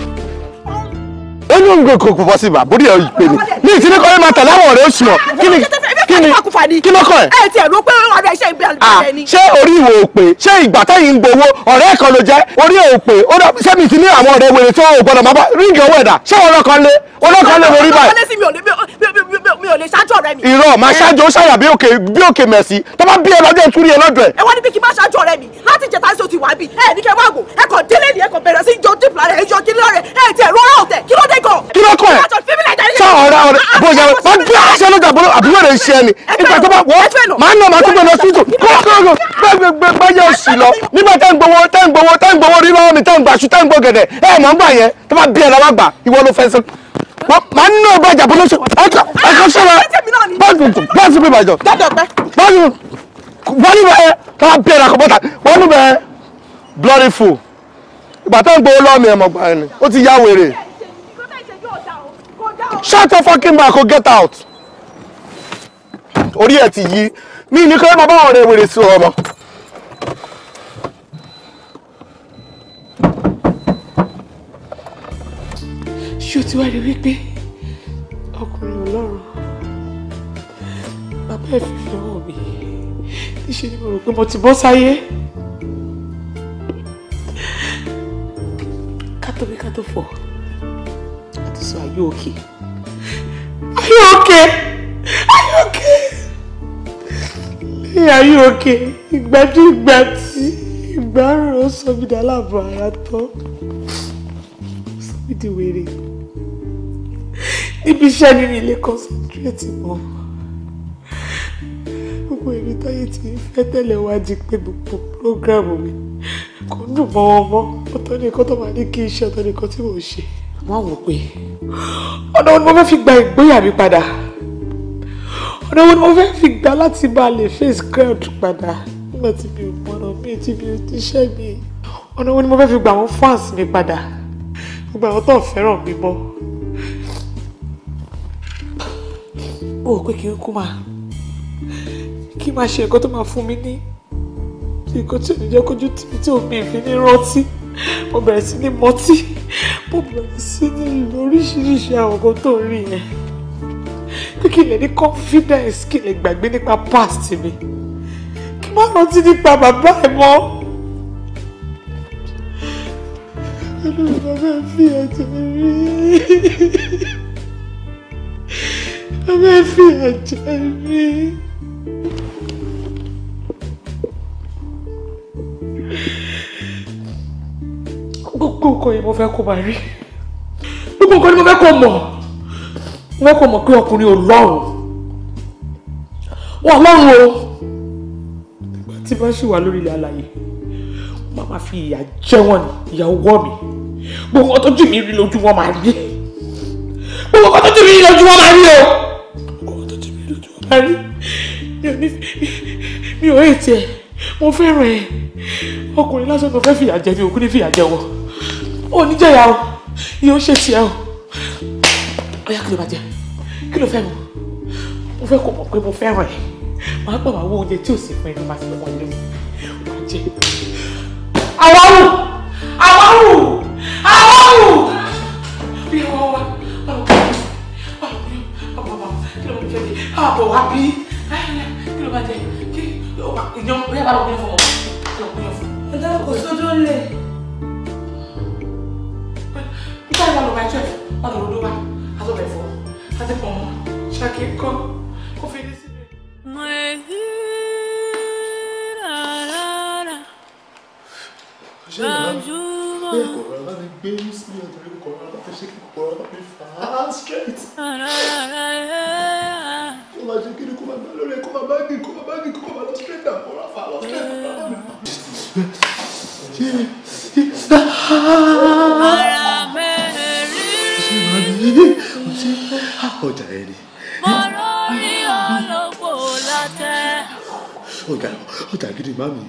[SPEAKER 12] ó ní òun kò kò bọ́ sí ibà bóde ẹ̀ pè mí
[SPEAKER 2] ní ìtìlẹ́kọ̀ọ́ yẹn máa tẹ̀lé àwọn ọ̀rẹ́ òṣùwọ̀n kí ni kí ni kí ló kọ́ ẹ̀. ẹ ti ẹ̀rọ pé ọ̀rẹ́ iṣẹ́
[SPEAKER 13] ìgbé àlùbọ̀lẹ̀ ah, ni. ṣé orí
[SPEAKER 12] ìwò òpè ṣé ìgbà tẹ́yìn ń gbowó ọ̀rẹ́ kan ló jẹ́ orí òpè ó dà ṣé mi ti ní àwọn ọ̀rẹ́ wèrè tó o gbọ́dọ̀ máa bá ríǹgì owó ẹ̀dá ṣé wọn lọ́kàn lé olókan lè borí báyìí.
[SPEAKER 11] mi ò lè ṣáájú ọ̀rẹ́ mi. irọ́ máa eh. ṣáájú ó ṣàyà bí
[SPEAKER 12] òkè mẹ̀sì tó bá bí ẹ lọ́jọ́ ìtúrí
[SPEAKER 11] ẹ mi láti jẹta ṣe ti wá bí ẹ ní kẹ wá gùn ẹ kàn délé ni ẹ kàn bẹ̀rẹ̀ sí jọ dípò lára ẹ yọ kí lọ́rẹ̀ ẹ ti ẹ̀rọ ọ̀rọ̀ ọ̀tẹ̀ kí ló dé gan. kí ló kọ ẹ sọ ọ̀rẹ́ ọ̀rẹ́ ah, bó ṣe máa ah, gbé
[SPEAKER 12] àṣẹ yẹn ni ìgbà tó bá wọ́ máa ń nà máa tún gbọ́dọ̀ síìtù kọ́kọ́rọ́ gbẹ́gbẹ́gbẹ́yẹ òsì lọ nígbà tẹ́ ń gbowó tẹ́ ń gbowó tẹ́ ń gbowó rí lọ́wọ́ mi tẹ́ ń gbàṣu tẹ́ ń gbó gẹ̀dẹ̀ ẹ mọ̀ ń gbà yẹn tó bá bí ẹ lọ́wọ́ gbà ìwọ ló fẹ́ sí máa ń nà ọgbà ìjàpọ̀ lóṣù ọkọ sọ́ra bọ́ọ̀sì pé bàjọ́ bọ́ọ̀sì bẹ́ẹ̀ tó bá bí ẹ lọ́kọ̀ bọ́ta wọ́n bẹ́ẹ̀ bloody fool ìgbà tó ń gbowó lọ́wọ́ mi ẹ̀ mọ̀ gbà yẹn ni ó ti yá wèrè shut the fucking mouth go get out orí ẹ̀ ti yí ní ní kẹ́lẹ́ máa bá ọ̀rẹ́
[SPEAKER 5] wèrè sí ọmọ. ṣé o ti wá rí wípé ọkùnrin ọlọ́run bàbá ẹ̀ fífi ọwọ́ mi níṣẹ́ ni mo rò pé mo ti bọ́ sáyé. kátó mi kátó fọ̀ àti sọ are you okay? Are you okay? Are you okay? Ìgbà tí ìgbà tí ìgbà rò sọ mí dá láàbọ̀ ara tán. Sọ mí di wèrè. Níbi iṣẹ́ nínú ilé concentrate mọ́. Gbogbo èmi táyé ti fẹ́ tẹ́lẹ̀ wá di pé gbogbo program mi kò dùn mọ́ wọn mọ́. Ọ̀tọ̀ ni nǹkan tó máa ní kí iṣẹ́ ọ̀tọ̀ ni nǹkan tí mò ń ṣe. Àmọ́ àwọn pé ọ̀nà wo ni mo fẹ́ fi gba ìgbóyà mi padà? ọ̀nà wo ni mo fẹ́ fi gbà láti máa lè face crowd padà nígbà tí mi ò mọ̀nà mi tí mi ò ti ṣẹ́ mi ọ̀nà wo ni mo fẹ́ fi gbà àwọn fans mi padà gbogbo àwọn tó fẹ́ràn mi mọ́ ó pé kí n kú máa kí n máa ṣe nǹkan tó máa fún mi ní nǹkan tí ò ní jẹ́ kójú tìbí tí òun mi fi ní rántí mo bẹ̀rẹ̀ sí ní mọtí mo bẹ̀rẹ̀ sí ní lóríṣiríṣi àwọn nǹkan tó rí yẹn pé kí lè ní confidence kí lè gbàgbé nípa past mi kí má rántí nípa bàbá ẹ mọ́. bàbá fi ẹ̀jẹ̀ rí bàbá fi ẹ̀jẹ̀ rí. gbogbo nǹkan yẹn mo fẹ́ kó máa rí gbogbo nǹkan yẹn mo fẹ́ kó mọ̀ wọ́n kò mọ̀ pé ọkùnrin ò lọ́rùn wọ́n lọ́rùn o tí bá ṣì wà lórí ilẹ̀ alàyè wọ́n máa fi ìyà jẹ wọ́n ní ìyàwó wọ́
[SPEAKER 2] mi gbogbo ọtọ́ jù mí rí lójú wọn máa rí
[SPEAKER 5] gbogbo ọtọ́ jù mí rí lójú wọn máa rí o gbogbo ọtọ́ jù mí rí lójú wọn máa rí mi ò rí tiẹ̀ mo fẹ́ràn ẹ̀ ọkùnrin lásán tó fẹ́ fìyà jẹ mi òkú ní fìyà jẹ wọ́n ò ní o ìyẹn ó ṣe tiẹ̀ o ó yá kí
[SPEAKER 2] kí ló fẹ́ mọ̀ mo fẹ́ kó mọ̀ pé mo fẹ́ràn ẹ̀ máa pọ̀ máa wọ oúnjẹ tí ò sí fún ẹni
[SPEAKER 5] máa sì wọ́n lé máa jẹ.
[SPEAKER 2] àwárù àwárù àwárù bí wọ́n wá báwo kí wọ́n bá wọ́n kí ló fẹ́ jẹ àbọ̀ wá bí kí ló bá jẹ kí ìyọ̀n bóyá bá lọ gbé fún ọ lọ gbé fún ọ.
[SPEAKER 5] ọ̀dọ́ kò sódó lè. nígbà yìí wọ́n lọ bá ẹjọ́ ẹ̀ wọ́n lọ lọ́dọ́ a tó bẹ̀ fọ́ àti pọ̀nmọ́ ṣáàkì kọ́ kó fi dé síbẹ̀.
[SPEAKER 1] ṣé Yeah rántí ọjà ah. ẹ ni. mo lórí ọlọ́pọ̀ látẹ̀.
[SPEAKER 8] ọjà
[SPEAKER 4] ọjà gidi má mi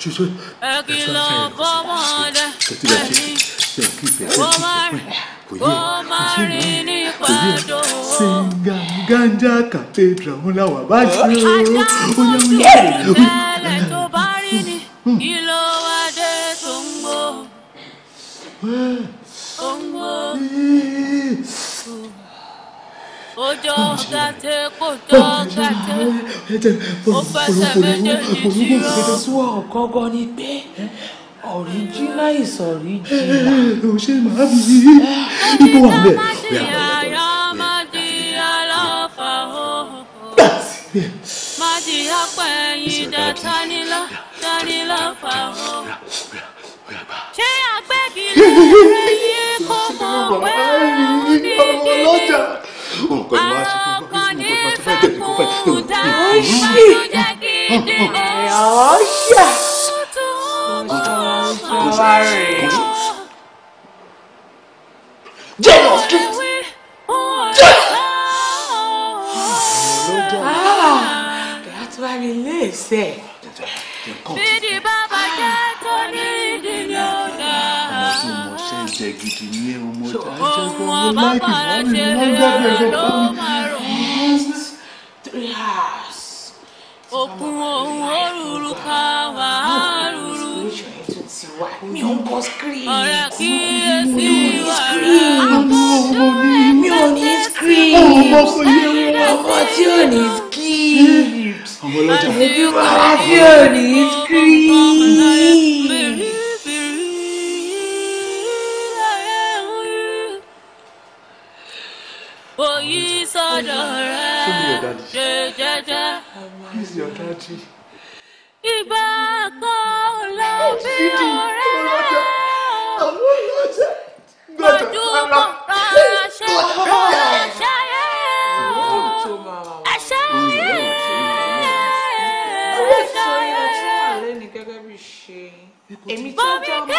[SPEAKER 4] ṣoṣo.
[SPEAKER 1] ẹ kì í lọ fọmọdé ẹni kó má kó má rí ní pàdó.
[SPEAKER 5] singa ganja cathedral ń la wà báyìí. ajá mo ní
[SPEAKER 1] ẹlẹ́ tó bá rí ni hmm. kí ló wá dé tó ń gbó owó. Ojó gàtẹ́ kojó gàtẹ́. Ó fẹsẹ̀ méjèèjì dúró.
[SPEAKER 5] Sùọ́ ọ̀kọ́gọ́ ni pé ọ̀ríjínà ìsọ̀ríjìnà. Ẹ ò ṣe màá mi yí. Ibo wà bẹ́ẹ̀.
[SPEAKER 1] Májìyà májìyà lọ́fà ó. Májìyà pẹ̀yìn dá Tanilá Tanilá fà ó. Ṣé àgbẹ̀gìrì rẹ̀ yí? ọmọ àìrí ọmọ
[SPEAKER 4] ọlọ́jà nǹkan ni wàá ṣe fún bàbá
[SPEAKER 5] mi
[SPEAKER 4] nǹkan
[SPEAKER 1] tí wàá tẹ̀lé kó fẹ́. ọ̀ṣì ọ̀ṣà ọ̀ṣà jẹ́wọ́ jẹ́wọ́.
[SPEAKER 2] kẹ́hà tó bá rí ilé ìsẹ̀.
[SPEAKER 1] ẹ̀ṣẹ̀ gidi ni ẹ ọmọ ìdájọ́ tó ń láìpẹ́ wọ́n ní lọ́gbẹ̀ẹ́ ló máa rò òkun òun òrùlù ká wà á rúru mi ò ń bọ screen ọ̀rẹ́ kí ẹ sí wà rẹ̀ mi ò ní screen ọmọ tí ò ní screen ọmọ tí ò ní
[SPEAKER 5] screen.
[SPEAKER 1] Oyi sọ́dọ̀ rẹ̀ ṣe jẹ́jẹ́. Ìbá kan lọ bí ọ̀rẹ́ rẹ̀. Ojúmọ̀ rárá ṣe rárá
[SPEAKER 9] ṣayé o.
[SPEAKER 1] Ẹ̀ṣẹ̀ yìí
[SPEAKER 2] ṣayé. Èmi tó jẹ́ ọmọ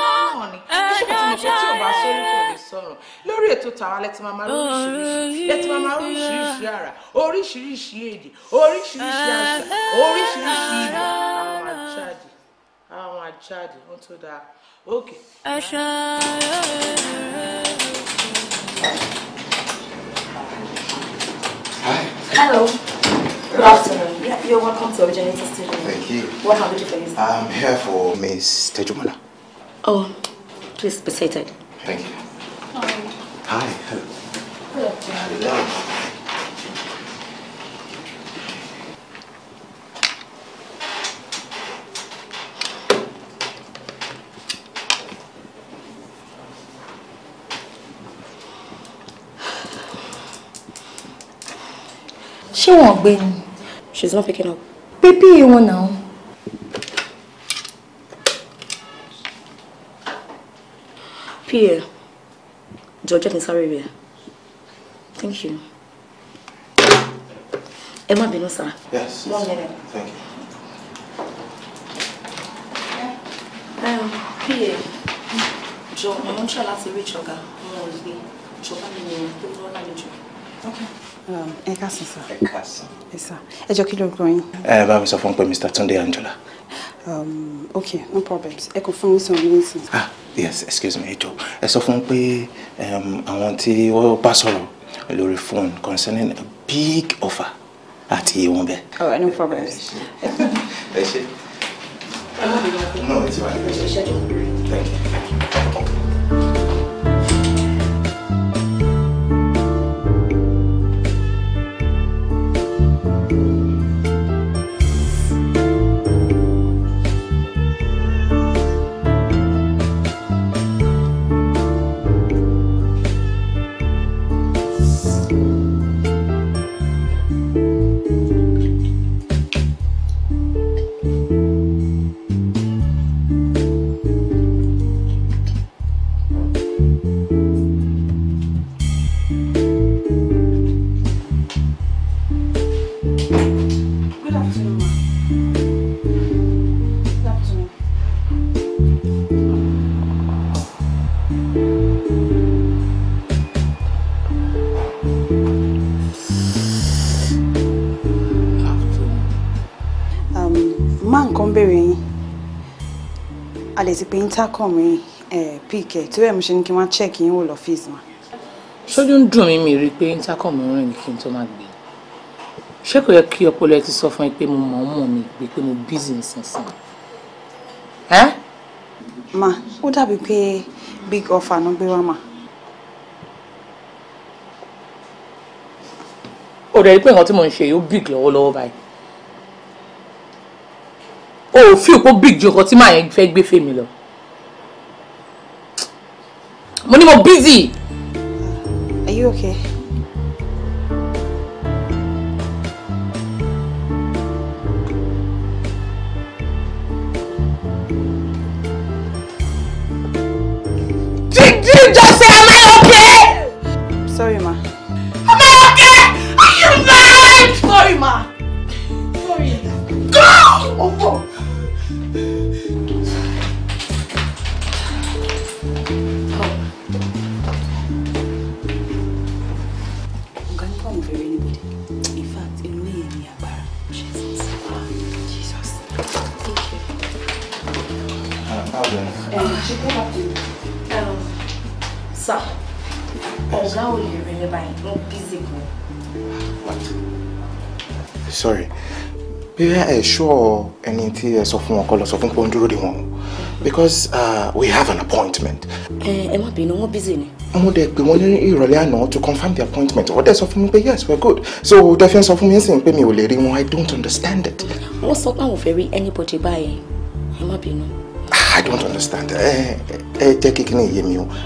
[SPEAKER 2] ọmọ náà ni sọ̀rọ̀ lórí ètò tàwa lẹ́tí máa máa oríṣiríṣi lẹ́tí máa máa oríṣiríṣi àrà oríṣiríṣi èdè oríṣiríṣi àṣà
[SPEAKER 9] oríṣiríṣi ìwà àwọn àjáde
[SPEAKER 2] àwọn àjáde ohun tó dáa òkè.
[SPEAKER 10] Hello. Good afternoon. you're welcome to Originator Studio. Thank you. What have you for you? I'm
[SPEAKER 12] here for Miss Tejumala.
[SPEAKER 10] Oh, please be seated. Thank you. Hi.
[SPEAKER 1] Hello. Hello.
[SPEAKER 10] Ṣé wọ́n gbé She's not picking up. Pépí wọn náà. Pierre. George, jẹ́ sorry, n thank you Emma, má bínú sá. yes one minute. thank you. Um, pa jọ mo ń ṣe to reach ìjọba mo ò gbé ìjọba mi ni mo ń lọ́nà
[SPEAKER 9] lójú. okay. Um, ẹ káàsán sá. ẹ káàsán. ẹ sá ẹ jọ kí ló gbọ́ yín. ẹ
[SPEAKER 12] bá mi sọ fún un pé Mr. Tunde Angela.
[SPEAKER 9] Um, okay no problem. ẹ kò fún mi some minutes. ah
[SPEAKER 12] yes excuse me ẹ jọ ẹ sọ fún un pé um, àwọn tí wọ́n bá sọ̀rọ̀ lórí phone concerning a big offer àti iye wọn bẹ́ẹ̀.
[SPEAKER 6] all right no problem.
[SPEAKER 12] ẹ ṣe. no it's fine. thank you.
[SPEAKER 9] sí pé intercom mi píkẹ tó ẹ̀ mo ṣe ni kí n wá check yín wò lọ́fíìsì ma.
[SPEAKER 2] ṣojú ń dùn mí mi rí i pé intercom rìn kí n tó máa gbé ṣé kò yẹ kí ọpọlọ ẹ ti sọ fún ẹ pé mo mọ̀ ọ́ mọ̀ mi pé pé mo busy nísinsìnyí. ma ó
[SPEAKER 9] dàbí pé big offer ló gbé wá mà.
[SPEAKER 2] ó dẹ̀ rí pé nǹkan tí mo ń ṣe yìí ó big lọ́wọ́lọ́wọ́ báyìí o ò fi òpó big ju nǹkan tí màá yẹn fẹ́ gbé fèmí lọ
[SPEAKER 9] mo ní mo busy. Are you okay?
[SPEAKER 12] ẹ ṣọ́ eh, ẹni tí ẹ sọ fún wọn kọ́ lọ sọ de wọn because uh, we have an appointment.
[SPEAKER 10] Eh, ẹ má bínú wọn busy ni.
[SPEAKER 12] mo dẹ̀ pé wọ́n ní ìrọ̀lẹ́ àná to confirm the appointment wọ́n they sọ fún mi yes we're good so dẹ́fẹ́ sọ fún mi sìn pé mi ò lè rí wọn i don't understand it.
[SPEAKER 10] wọ́n sọ pé àwọn ò fẹ́ anybody báyìí
[SPEAKER 12] ẹ má bínú. Ah, I don't understand. Eh, eh, take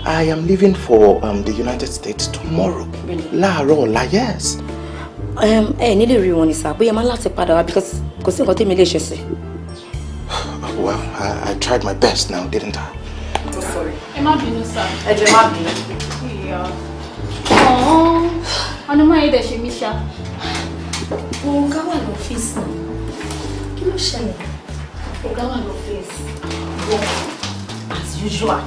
[SPEAKER 12] I am leaving for um, the United States tomorrow. La,
[SPEAKER 10] ro, la, yes ẹ nílé rí wọn ní sá bóyá máa láti padà wá because kò sí nǹkan tẹ́mi lè ṣe sí.
[SPEAKER 12] well I, i tried my best now didn't i.
[SPEAKER 1] so sorry.
[SPEAKER 10] ẹ má bínú sá.
[SPEAKER 1] ẹ jẹ má bínú.
[SPEAKER 10] ọ̀hún ọ̀nà máa yẹ dẹ̀ ṣe mí ṣá. ọ̀gá wà lọ́fíìsì kí ló ṣẹlẹ̀ ọ̀gá wà lọ́fíìsì
[SPEAKER 11] wọ́n as usual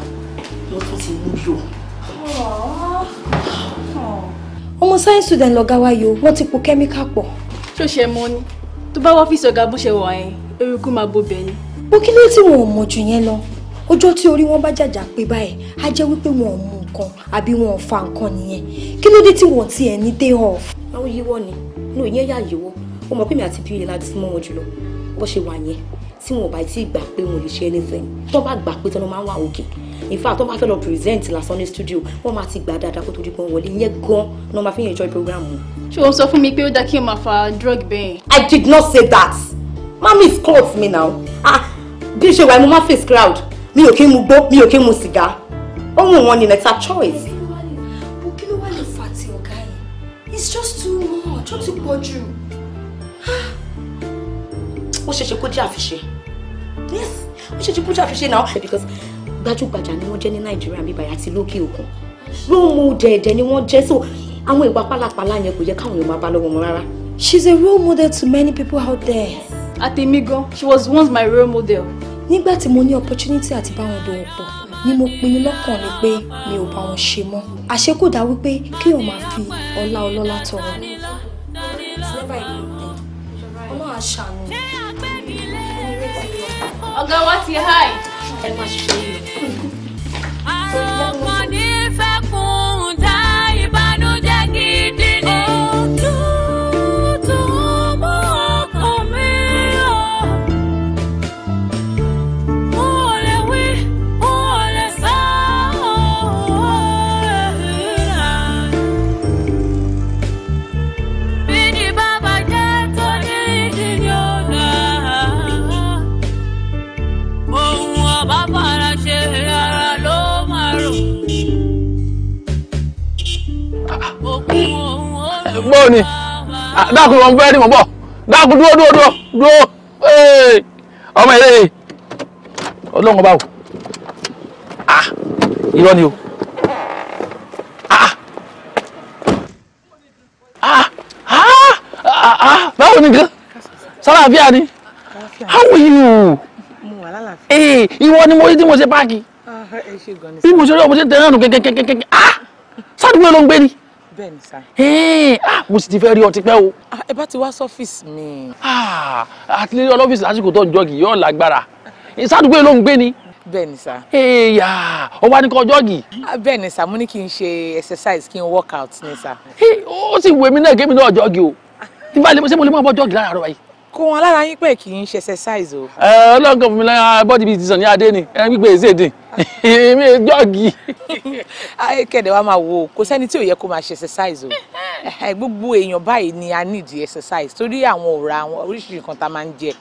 [SPEAKER 6] ló tún ti mú yọ
[SPEAKER 10] ọmọ science student lọ̀gá wa yìí o wọ́n ti po kẹ́míkà pọ̀.
[SPEAKER 6] ṣó ṣe mọ ni tó bá wọ́fíìsì ọ̀gá bó ṣe wà yẹn eruku máa bo bẹ̀yìn.
[SPEAKER 10] mo kí ló tí wọn ò mọ̀ jù yẹn lọ ọjọ́ tí orí wọn bá jàjà pé báyìí á jẹ́ wípé wọn ò mú nǹkan àbí wọn ò fa nǹkan nìyẹn kí ló dé tí wọn ti ẹ̀ ní day off. àwọn yíwọ ni inú ìyẹn yà yíwọ ó mọ pé mi àti bí ilé láti mọ wọn jùlọ bó ṣe wà yẹn tí wọn ò bá tí ì gbà pé wọn ò lè ṣe anything tó bá gbà pé tọ́nà máa ń wà òkè in fact wọ́n bá fẹ́ lọ present lásán ní studio wọ́n máa ti gbà dáadáa kó tó di pé wọ́n wọlé ìyẹn gan ni wọ́n máa fi yàn enjoy program mu.
[SPEAKER 6] ṣé o sọ fún mi pé ó dá kí o máa fa drug bẹ́ẹ̀.
[SPEAKER 10] I did not say that mami scold me now ah bí ṣe wà mo máa face crowd mi ò kí mu gbó mi ò kí mu sìgá ohun wọn ni better choice. kí ló wà lè fà tí ọ̀gá yìí it's just too much ó ti pọ̀ jù. Ah. ó ṣeéṣe kó jẹ́ àfiṣe yes ó ṣeéṣe kó jẹ́ àfiṣe now because gbajúgbajà ni wọ́n jẹ́ ní nàìjíríà bíbá àti lókè òkun role model ẹ̀dẹ̀ ni wọ́n jẹ́ so àwọn ìwà pálapàla yẹn kò yẹ káwọn èèyàn máa bá lọ́wọ́ wọn rárá. she's a role model to many people out there. àtẹ̀mí gan she was once my role model. nígbà tí mo ní opportunity àti bá wọn dòwò pọ̀ ni mo pinnu lọ́kàn mi pé mi ò bá wọn ṣe mọ́ àṣé wípé kí wọn máa fi ọlá ọlọ́lá tọrọ.
[SPEAKER 6] ọlọ́run aṣàánú. ọ̀gá wa ti háì. ẹ máa ṣe é.
[SPEAKER 3] dúró ni ah, dákun wọn fẹ́ rí wọn bọ̀ dákun dúró dúró dúró dúró ọmọ ìlẹ́yìn ọlọ́run bá ah irọ́ ni o ah. ah ah ah ah báwo ni gan sálàáfíà ni how are you ee ìwọ ni mo rí tí mo ṣe páàkì ah, bí mo ṣe rí ọmọ ṣe tẹ̀ránù kẹ́kẹ́kẹ́kẹ́ ah sádùúgbò ló ń gbé ni bẹ́ẹ̀ ni sá. Ah, mo sì ti fẹ́ rí ọtí pẹ́ o. Ah, ẹ bá ti wá sọ́fíìsì mi. àti ah, lè rí ọlọ́fíìsì lásìkò tó ń jọ́gì yóò lágbára sádùúgbò ló ń gbé ni. bẹ́ẹ̀ ni sá. ẹ̀yà ó wá ní kọ́ jọ́gì.
[SPEAKER 2] bẹ́ẹ̀ ni sá mo ní kí n ṣe exercise kí n work out ni sá.
[SPEAKER 3] ó sì wèmí náà kémi náà jọ́gì o. tí bá lè mo ṣe mo lè máa bọ́ jọ́gì láàárọ̀ báyìí kó wọn lára yín pé
[SPEAKER 2] kì í ṣe exercise o.
[SPEAKER 3] ẹ ọlọ́gàn fún mi lára bọ́dì bíi ti sàn ní adé ni ẹ gbígbé èzèdè èmi jọ́ọ̀gì.
[SPEAKER 2] kẹ̀dẹ̀ wa máa wo kò sẹ́ni tí ò yẹ kó máa ṣe exercise o gbogbo èèyàn báyìí ni a need exercise torí àwọn òòrà àwọn oríṣiríṣi nǹkan tá a máa ń jẹ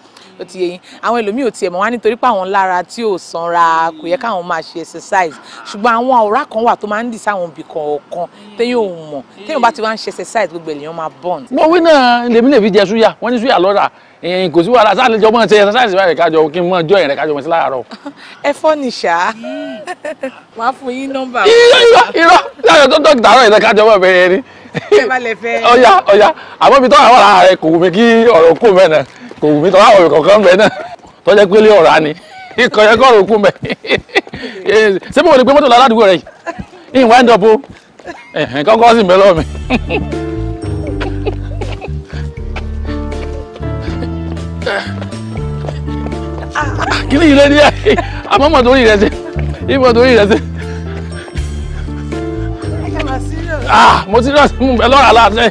[SPEAKER 2] ó ti yé yín àwọn ẹlòmíì ò tiẹ̀ mọ̀ wá nítorí pé àwọn lára tí ò sanra kò yẹ káwọn máa ṣe exercise ṣùgbọ́n àwọn ọ̀rá kan wà tó máa ń dì sáwọn ibì kọ̀ọ̀kan téyàn ò mọ̀ téyàn bá ti wá ń ṣe exercise gbogbo ènìyàn máa bọ̀n. mo
[SPEAKER 3] wí náà lèmi lè fi jẹ súyà wọ́n ní súyà lọ́ra èyàn kò sí wàhálà sáà lè jọ mọ́ ṣe exercise báyìí kájọ kí n mọ́ ọjọ́ ìrìn kájọ mọ́ sí láàárọ̀. ẹ fọ́ ni ṣá
[SPEAKER 2] wàá fún yín nọ́mbà. irọ́ irọ́
[SPEAKER 3] láyọ̀ tó dọ́kítà àárọ̀ ìrìn kájọ mọ́ bẹ̀rẹ̀ ni. ọ̀ya ọ̀ya àmọ́ ibi tó wà wà lára rẹ̀ kò wù mí kí ọ̀rọ̀ kù mẹ́rin kò wù mí tọ́ àwọn òrùkọ̀ kan bẹ̀ náà tó jẹ́ pélé ọ̀rá ni ikọ̀ yẹn kọ́ òrùkú mẹ́ ṣé mo lè gbé mọ́tò lọ aládùúgbò rẹ̀ yìí ìwà ń dọ̀bọ̀ kọ́kọ́ sì mẹ́lọ́ mi. kí ni ìrẹ́ ni ẹ̀ àmọ́ mọ̀ torí rẹ̀ sí ìmọ̀ sí. ah mo ti rọ̀ sí mu bẹ́ẹ̀ lọ́rọ̀ aláàtẹ̀.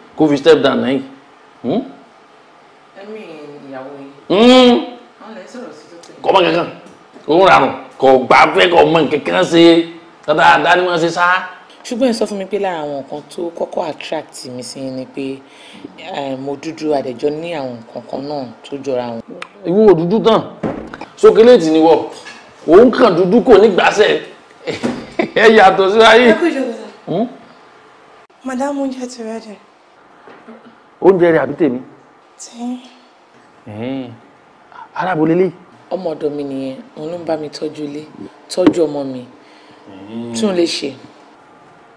[SPEAKER 3] kó fi step down náà yìí.
[SPEAKER 2] ẹ̀mí ìyàwó
[SPEAKER 3] yìí. kọ́ mọ́ kankan òun ràrùn kò gbà fẹ́ kò mọ kankan ṣe dáadáa ni wọ́n ṣe sá.
[SPEAKER 2] ṣùgbọ́n ẹ sọ fún mi pé lára àwọn nǹkan tó kọ́kọ́ attract mi sí ni pé eh, mo dúdú àdẹ̀jọ́ ní àwọn nǹkan
[SPEAKER 3] kan náà tó jọra wọn. ìwọ dúdú tán sokeleti ni wọ òun kàn dúdú kò ní gbàṣẹ ẹ yàtọ̀ síra yìí. Hmm?
[SPEAKER 9] madamu oúnjẹ ti rẹ dẹ
[SPEAKER 3] oúnjẹ rẹ àbí tèmi.
[SPEAKER 9] tí.
[SPEAKER 3] arábò lélẹ̀.
[SPEAKER 2] ọmọ mi nìyẹn òun ló ń bá mi tọ́jú ilé tọ́jú ọmọ mi tún lè ṣe.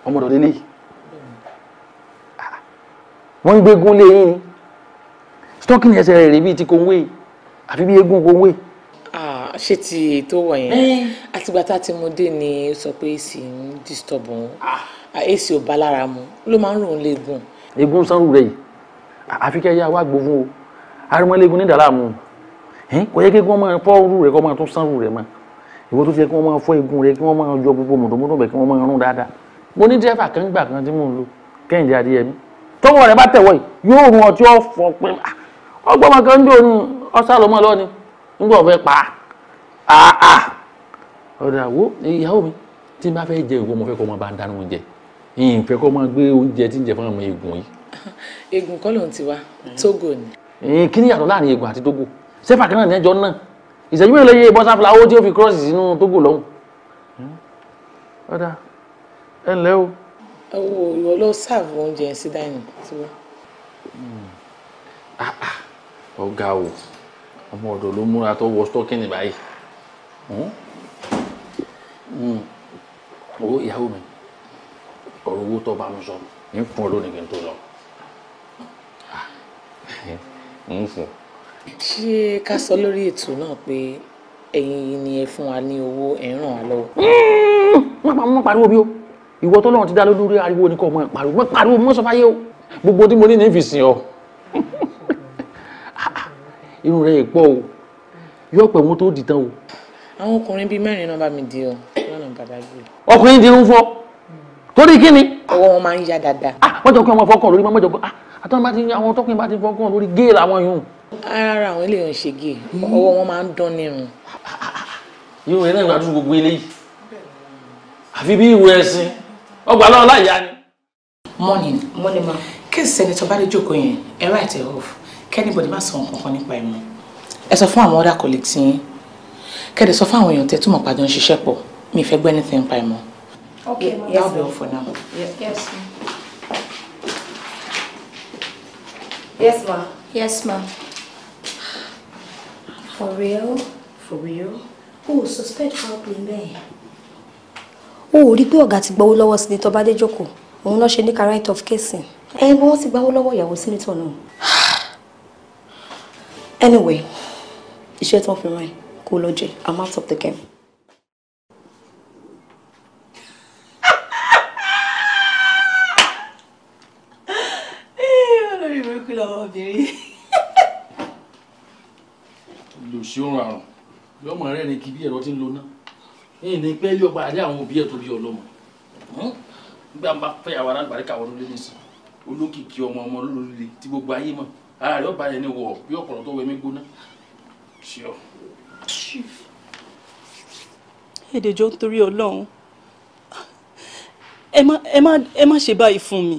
[SPEAKER 3] ọmọ ọ̀dọ̀ lélẹ̀. wọ́n ń gbégún lé yín ni stocking ẹsẹ̀ rẹ̀ rè bíi ti kòwé àfi bíi eégún kòwé.
[SPEAKER 2] ṣé ti tó wọ̀ àtìgbà tá a ti mú dé ni ó sọ pé èsì ń disturb òun èsì ah. ò bá lára
[SPEAKER 3] mu ló máa ń rò ó léegun. eégún sanwó rẹ yìí àfi kẹ́ yá wá gbowó o arímọ́lẹ́gun ní ìdàlámù kò yẹ kí wọ́n máa fọ́ rú rẹ̀ kọ́ máa tún sánrú rẹ̀ mọ́ ìwọ tó ti yẹ kí wọ́n máa fọ́ igun rẹ̀ kí wọ́n máa yọ gbogbo mọ̀tòmọ́tò bẹ̀ kí wọ́n máa rún dáadáa mo ní dírẹ́fà kan gbà kan tí mò ń lò kẹ́hìndé adéyẹmí tọ́wọ́ rẹ̀ bá tẹ̀wọ́ yìí yóò rún ọtí ọ̀fọ̀ pé ọgbọ́n ọmọ kan ń dò ní ọ̀sálọ́mọ́ lọ́ni nígbà ọ̀fẹ́ pa á ọ̀dà wo ìyàwó mi tí n bá fẹ́ jẹ ìwọ mo fẹ́ kọ́ ọmọ bá ń dáná oúnjẹ ìyìn fẹ́ kọ́ ọmọ gbé oúnjẹ tí ń jẹ fún ọmọ
[SPEAKER 2] egun kọ́ ló ń tiwa togo ni.
[SPEAKER 3] ẹ̀yin kí ni yàtọ̀ láàrin egun àti togo sẹ́fà kan náà ní ẹjọ́ náà ìṣẹ́jú mélòó lóye bọ́sà fúláwó tí ó fi kírọ́ọ̀sì sínú togo lọ́hùn. ọ̀dà ẹ ǹlẹ́ o.
[SPEAKER 5] owó
[SPEAKER 2] ìwọ ló sáàbù oúnjẹ sí dáìnì tiwa.
[SPEAKER 3] Ah, ah, ọ̀gá o ọmọ ọ̀dọ̀ ló múra tó wọ stọ́kìnì báyìí hmm? Hmm. owó ìyàwó mi ọ̀rọ̀ owó tó bá mi sọ ní fún olónìkì tó sọ ń mm-hmm. fún.
[SPEAKER 2] ṣé ká sọ lórí ètò náà pé ẹ̀yin ni ẹ fún wa ní owó
[SPEAKER 3] ẹ̀ ń ràn wá lọ́wọ́. má má pariwo bí o ìwọ tó lọ́run ti dá lórí ariwo ni kò mọ pariwo mọ pariwo mọ sọ fáyé o gbogbo tí mo ní ní fi sìn ọ irun rẹ pọ o yọ pẹ̀ mú tó dì tán o.
[SPEAKER 2] àwọn ọkùnrin bíi mẹ́rin náà bá mi di ọ
[SPEAKER 3] lọ́nà bàdágbé. ọkùnrin dirun fọ torí kí ni. ọwọ́ wọn máa ń yá dáadáa. ah wọ́n jọ pé ọmọ fọkàn lórí máa ń jọ pé ah àtàwọn bá ti àwọn tọkùnrin bá ti fọkàn lórí géè làwọn yòó.
[SPEAKER 2] rárá àwọn eléyìí ń ṣe géè ọwọ́ wọn máa ń dán nírun.
[SPEAKER 3] yóò rẹ náà gbàdúrà gbogbo eléyìí àfi bí ìwé ẹsìn ọgbà náà láyà ni.
[SPEAKER 2] morning morning ma kí sẹ́nitọ́ bá lè jókòó yẹn ẹ write it off kẹ́nìbọ̀dì má sọ nǹkan kan nípa ìmọ̀ ẹ sọ fún àwọn other colleagues yín kẹ́ẹ̀dẹ̀ sọ fún àwọn èèyàn tẹ́ túmọ̀ pàjọ́ ń ṣiṣẹ́ pọ̀ mi ì fẹ́ anything pa ìmọ̀.
[SPEAKER 10] okay yeah, that will be all for now. yes. Yes, ma. Yes, ma. For real? For real? Oh, suspect foul play bẹ́ẹ̀. O ò rí pé ọ̀gá ti gbowó lọ́wọ́ Senator Bádéjókòó. Òun ló ṣe ní ka right of casing. Ẹ mọ́ wọ́n ti gbowó lọ́wọ́ ìyàwó Senator náà. Anyway, iṣẹ́ tán fi rán ẹ kó lọ I'm out of the game.
[SPEAKER 5] pé lọ́mọbìnrin.
[SPEAKER 3] lòsì òrùn àrùn lọ́mọ rẹ̀ ni kí bí ẹ̀rọ ti ń lona ẹ̀yìn ní pẹ́ yọgbà àdé àwọn òbí ẹ̀ tó bí ọlọ́mọ nígbà bá fẹ́ àwọn alágbàríkà wọn lórí nísìn olókìkí ọmọ ọmọ lórílẹ̀ tí gbogbo ayé mọ̀ ara rẹ̀ ọba yẹn ni wọ̀ bí ọ̀pọ̀lọ̀ tó wẹ̀mí gbóná
[SPEAKER 13] èdèjọ́ ń torí ọlọ́run ẹ má ṣe báyìí
[SPEAKER 2] fún mi.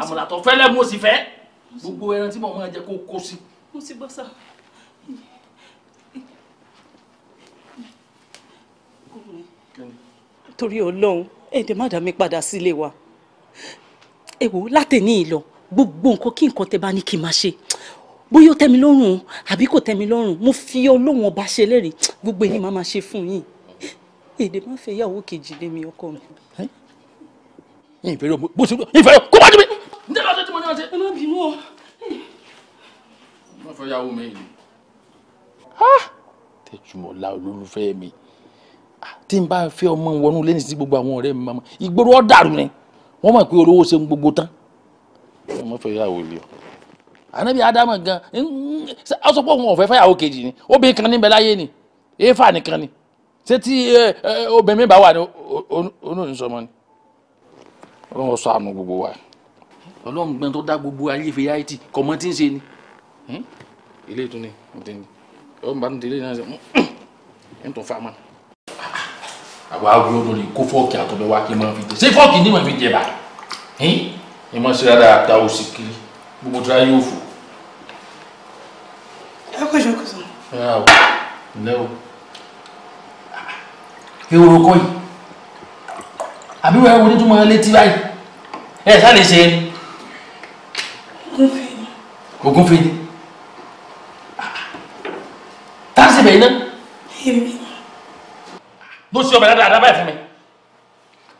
[SPEAKER 3] àmàlà tó fẹ́lẹ́ mo sì fẹ́ gbogbo ẹran tí mo máa jẹ kó kó sí.
[SPEAKER 13] mo ti gbọ́ sá. torí ọlọ́run ẹ̀ẹ́dẹ̀ má dá mi padà sílé
[SPEAKER 2] wa
[SPEAKER 6] ẹ
[SPEAKER 13] wò látẹ̀ní ìlọ gbogbo nǹkan kí nǹkan tẹ bá ní kí n máa ṣe bóyá ó tẹ́ lọ́rùn o àbí kò tẹ́
[SPEAKER 2] lọ́rùn mo fi ọlọ́run ọba ṣe lẹ́rìí gbogbo èyí máa máa ṣe fún yín èdè má fẹ́ yàwó kejì lé mi ọkọ mi
[SPEAKER 3] ìfẹ́ rẹ bó ṣe ìfẹ́ rẹ kó wájú mi. ǹjẹ́ bá a ṣe tí mo ní ọ̀sẹ̀. ẹ má bínú o. wọ́n fẹ́ yàwó mi yìí. Tẹ̀júmọ̀lá olólùfẹ́ mi ah, tí n bá fẹ́ ọmọ wọnú lẹ́ni sí gbogbo àwọn ọ̀rẹ́ mi máa ìgboro ọ̀dàrú ni wọ́n mọ̀ pé olówó ṣe ń gbogbo tán. wọ́n fẹ́ yàwó mi o. ànábì ádámà gan ọ sọ pé òun ọ̀fẹ́ fẹ́yàwó kejì ni obìnrin kan níbẹ̀ láyé ni éfà nìkan ni ṣé tí obìnrin mi bá wà ní onóòsọmọ ni ọlọ́run sọ àánú gbogbo wa. ọlọ́run gbọ́n tó dá gbogbo ayé fi yá ẹtì kọ́mọ tí ń ṣe ni hmm? ilé ìtúni ọ̀hún bá ń tẹ̀lé náà ṣe hmm? ń tún fa máa. àwa wúlò lórí kó fọ́ọ̀kì àtọ̀bẹ̀ wa kí n máa fi jẹ ṣé fọ́ọ̀kì ni màá fi jẹ bá hmm? ẹ máa ṣe dáadáa ta òsì kiri gbogbo tí a yóò fò. ẹ kò jókòó sọ. ẹ ò lẹ́wọ̀. ehoro kọ́ yìí àbí wẹ́ẹ́ wo ní tó máa létí báyìí ẹ sá lè ṣe é ogun fèdè tá a sì bẹ̀ iná. ló ṣe ọbẹ̀ dáadáa báyìí fún mi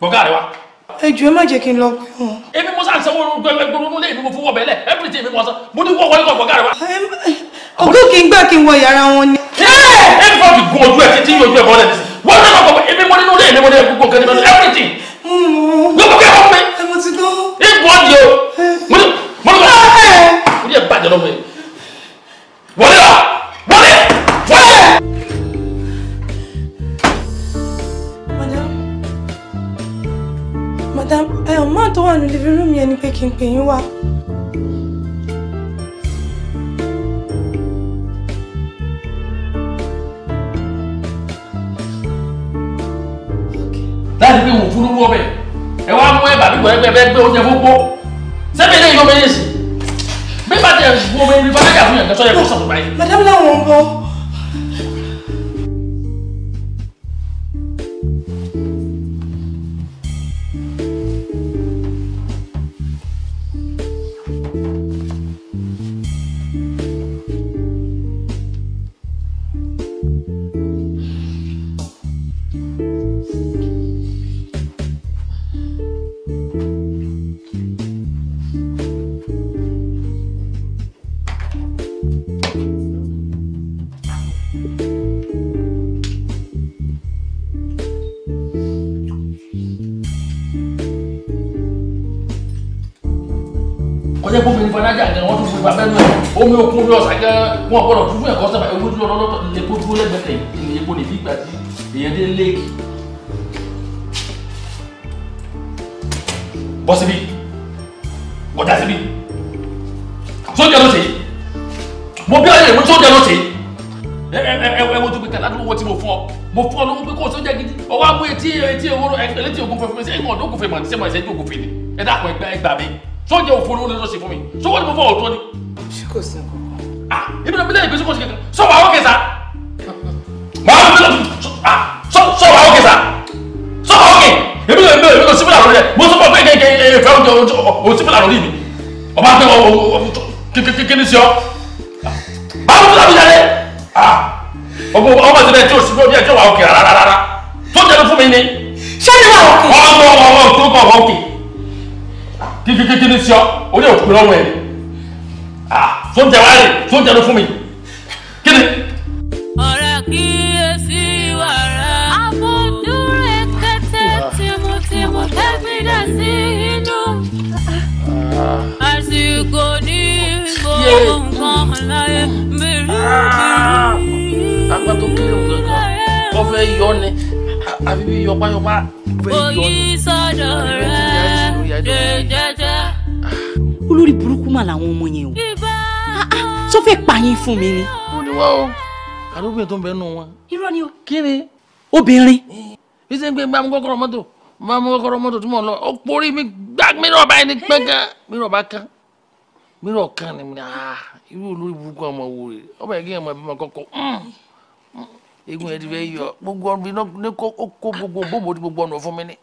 [SPEAKER 3] gbọ̀ngàn rẹ wa. ẹjọ ẹ má jẹ́ kí n lọ pé wọn. èmi mo sàn sanwó gbẹgbẹgbẹrún lé èmi mo fún wọbẹ lẹ everything èmi mo san mo ní wọ wọlé kọ gbọ̀ngàn rẹ wa.
[SPEAKER 9] ògó kì í gbà kí n wọ yàrá wọn ni. ẹ ẹ fọ́ọ̀kì
[SPEAKER 3] gun ojú ẹ̀ títí ojú ẹ̀ bọ́ọ̀lẹ̀ wọ́n ní ọkọ̀ èmi
[SPEAKER 9] mo kò kẹ́ ọmọ ẹ mo ti gbọ́. ẹ bọ́ di o
[SPEAKER 3] mo ní mo ní bàjẹ́ lọ́mọ yìí wọlé wa
[SPEAKER 9] wọlé wọlé. madam madam ẹ̀ ọ̀ máa tó wà ní living room yẹn ni pé kí n pè yín wá.
[SPEAKER 3] láti pé wò fúnú wọ́ bẹ̀ ẹ wá mú ẹ bàbí gbọ́dọ̀ ẹgbẹ́ gbé oúnjẹ fún pọ́ sẹ́mi ilé yìí ó bẹ́ẹ̀ yé sí bí bá tẹ̀ wọ́n mi rí bá yà fún yàn kẹ́sọ́ yẹ kó báyìí.
[SPEAKER 9] madame làwọn
[SPEAKER 5] ń bọ̀.
[SPEAKER 3] omi òkun omi ọ̀sà gan wọn gbọ́dọ̀ dúdú ẹ̀kọ́ sábà ewu dúró lọ́dọ̀ ilé dúró lẹ́gbẹ̀ẹ́ ilé epo nìbí ìgbà tí èèyàn dé léèkì. bọ́ síbí kọjá síbí sójà ló mo bí ọyẹ mo sójà ló ẹ ẹ ẹ ẹ wo tó gbé kàlá lówó tí mo fún mo fún ọ lówó pé kó sójà gidi ọwọ́ àbúrò etí etí ewúro ẹlẹ́tì ògùn fẹ́ fún mi sẹ́yìn ọ̀dọ́ ògùn fẹ́ mọ̀ ní sẹ́yìn ọ̀dọ́ ògùn fẹ́ ni ẹ dákun kò sí nǹkan. ah ibi náà bí lẹ́yìn ìgbésí kò sí kankan sọ
[SPEAKER 6] mi tó ń bẹ nù wọn. irọ́ ni o. kí ni obìnrin. bí sẹ́ni pé bámu
[SPEAKER 3] kọ́kọ́rọ́ mọ́tò bámu kọ́kọ́rọ́ mọ́tò tí mò lọ ó mi gbá mìíràn báyìí ní pẹ́ńkà mìíràn bá kán mìíràn kan ni mo ní ah irú olórí burúkú ọmọ wò rè ọmọ yẹn kí ẹ̀ mọ ẹbí mọ kọ́kọ́ mm, mm, egun yẹn ti fẹ́ yọ gbogbo ọmọ iná ní kó gbogbo bóbó ti gbogbo ọ̀nà fún mi ní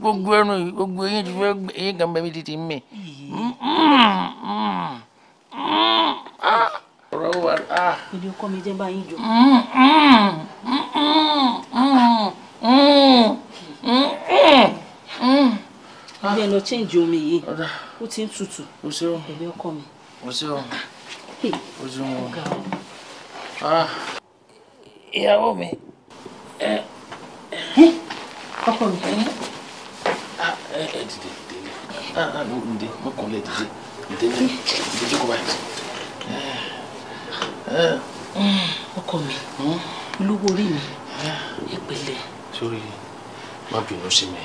[SPEAKER 3] gbogbo ẹnu gbogbo eyín ti fẹ́ eyín kan bẹ́ẹ̀ mi ti ti mì
[SPEAKER 6] èdè ọkọ mi jẹ́ báyìí jọ. ilé ẹ̀ lọ change omi yìí ó ti ń tutù èdè ah. ọkọ mi.
[SPEAKER 3] ìyàwó mi ọkọ mi. ẹ ẹ dìde dìde ẹ ẹ dìde mọkànlá dìde dìde dìde jókòó báyìí ọkọ mi olówó orí mi ẹ pẹ̀lẹ́. sórí má bínú sí mi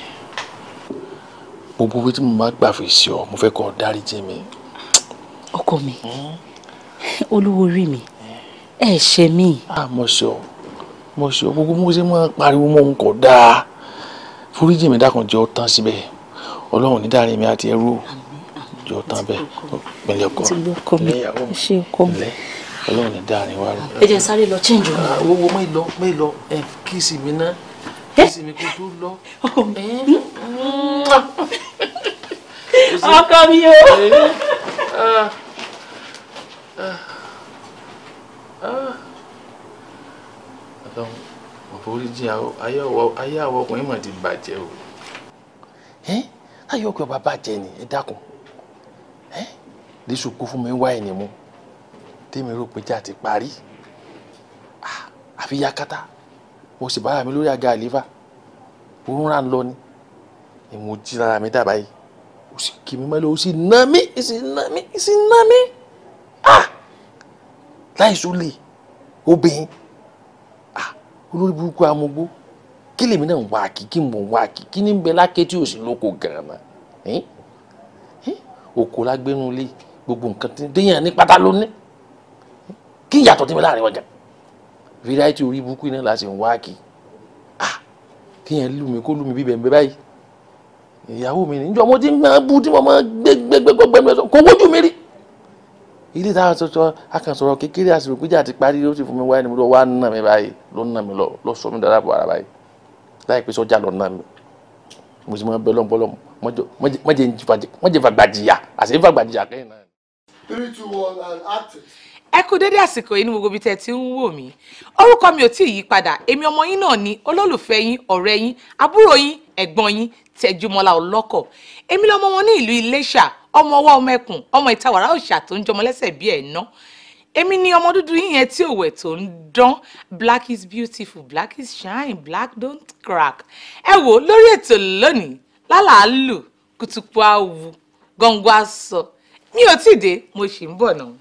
[SPEAKER 3] gbogbo owó tí mo máa gbà fi sí ọ mo fẹ́ kó o dáríjì mi. ọkọ mi hm? olówó orí mi ẹ ṣe mí. Ah, mo ṣe ọ mo ṣe ọ gbogbo mo ṣe máa pariwo mọ òun kò dáa foríjì mi dákun jẹ́ ọ tán síbẹ̀ ọlọ́run ní dáre mi àti ẹrú jọ tán bẹ́ẹ̀ pẹ̀lẹ́ ọkọ mi ṣe ọkọ mi ọlọ́run ní dáa ni wá rò. ẹ jẹ́ sáré lọ change omi. Ah, owó wo mí lọ mí lọ ẹ kíìsì mi ná kíìsì mi kò tó lọ. ọkọ mi o. ọlọ́run bàbá orí jí ayé àwọn ọkùnrin mà ti bàjẹ́ o. ayé ọkùnrin bàbá bàjẹ́ ni ẹ dákun ẹ lè ṣòkó fún mi wáyé ni mo tèmi rò pé jà ti parí ah, àfi yakata mo sì bára mi lórí àga àlééfà òun rà ń lọ ni èmo jí lára mi dábàá yìí ó sì kí mi mọ́lẹ̀ ó sì ná mi ó sì
[SPEAKER 9] ná mi ó sì ná mi ah!
[SPEAKER 3] láì sólè obìnrin ah! olórí burúkú amúgbó kí lèmi náà ń wá kí kí mò wá kí kí ní bẹ lákè tí ò sí lóko gan-an òkò lágbénulé gbogbo nǹkan tí déyàn ní pátá ló kí ìyàtọ̀ tí mo láàrin wọn gan fíráìtì orí burúkú iná la ṣe ń wá ah, kí kíyàn lù mí kó lù mí bí bẹ̀m̀bẹ̀ báyìí ìyàwó mi níjọ́ mo ti máa bú tí mo máa gbẹgbẹgbẹgbẹ mi lọ kò wójú mi rí ilé táwọn sọsọ akànsọ̀rọ̀ kékeré àsìkò péjà ti parí ó sì fún mi wáyé ni mo lọ wá nà mí báyìí ló nà mí lọ lọ sọ mí darapọ̀ ara báyìí láìpẹ́ sọ́jà lọ nà mí mo sì máa bẹ lọ́mọ bọ́lọ́mọ mọ́jẹ́ fàgbàjìyà àṣẹ fàgbàjìyà kẹ́yìn náà.
[SPEAKER 2] three two one and act ẹ kú dédé àsìkò yìí ní gbogbo ibi tẹ́ ti ń wò mí orúkọ mi ò tí ì yí padà èmi ọmọ yín náà ni olólùfẹ́ yín ọ̀rẹ́ yín àbúrò yín ẹ̀gbọ́n yín Tẹjúmọ́lá Ọlọ́kọ̀ èmi lọmọ wọn ní ìlú Iléṣà ọmọ ọwọ́ ọmọ ẹkùn ọmọ ìtawàrà òòṣà tó ń jọmọ lẹ́sẹ̀ bí ẹ̀ ná èmi ni ọmọ dúdú yín yẹn tí òwẹ̀ tó ń dán black is beautiful black is shine black don't crack ẹ wò lórí ètò lónìí lálàálù kùtùkù àwù gọ̀ǹgọ̀ àsọ mi ò tí ì dé mo sì ń bọ̀ náà.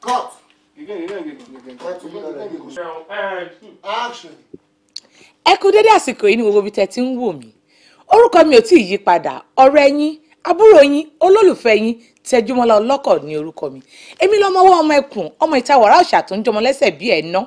[SPEAKER 7] Cut. Again, again, again, again.
[SPEAKER 4] Cut together again. Action.
[SPEAKER 2] Ẹ kú dédé àsìkò yìí ni gbogbo ibi tẹ́ ti ń wò mí. Orúkọ mi ò tí ì yí padà, ọ̀rẹ́ yín, àbúrò yín, olólùfẹ́ yín, Tẹ́júmọ́lá ọlọ́kọ̀ ní orúkọ mi. Èmi lọ́mọwọ́ ọmọ ẹkùn, ọmọ ìta wàrà ọ̀ṣà tó ń jọmọ lẹ́sẹ̀ bí ẹ̀ ná.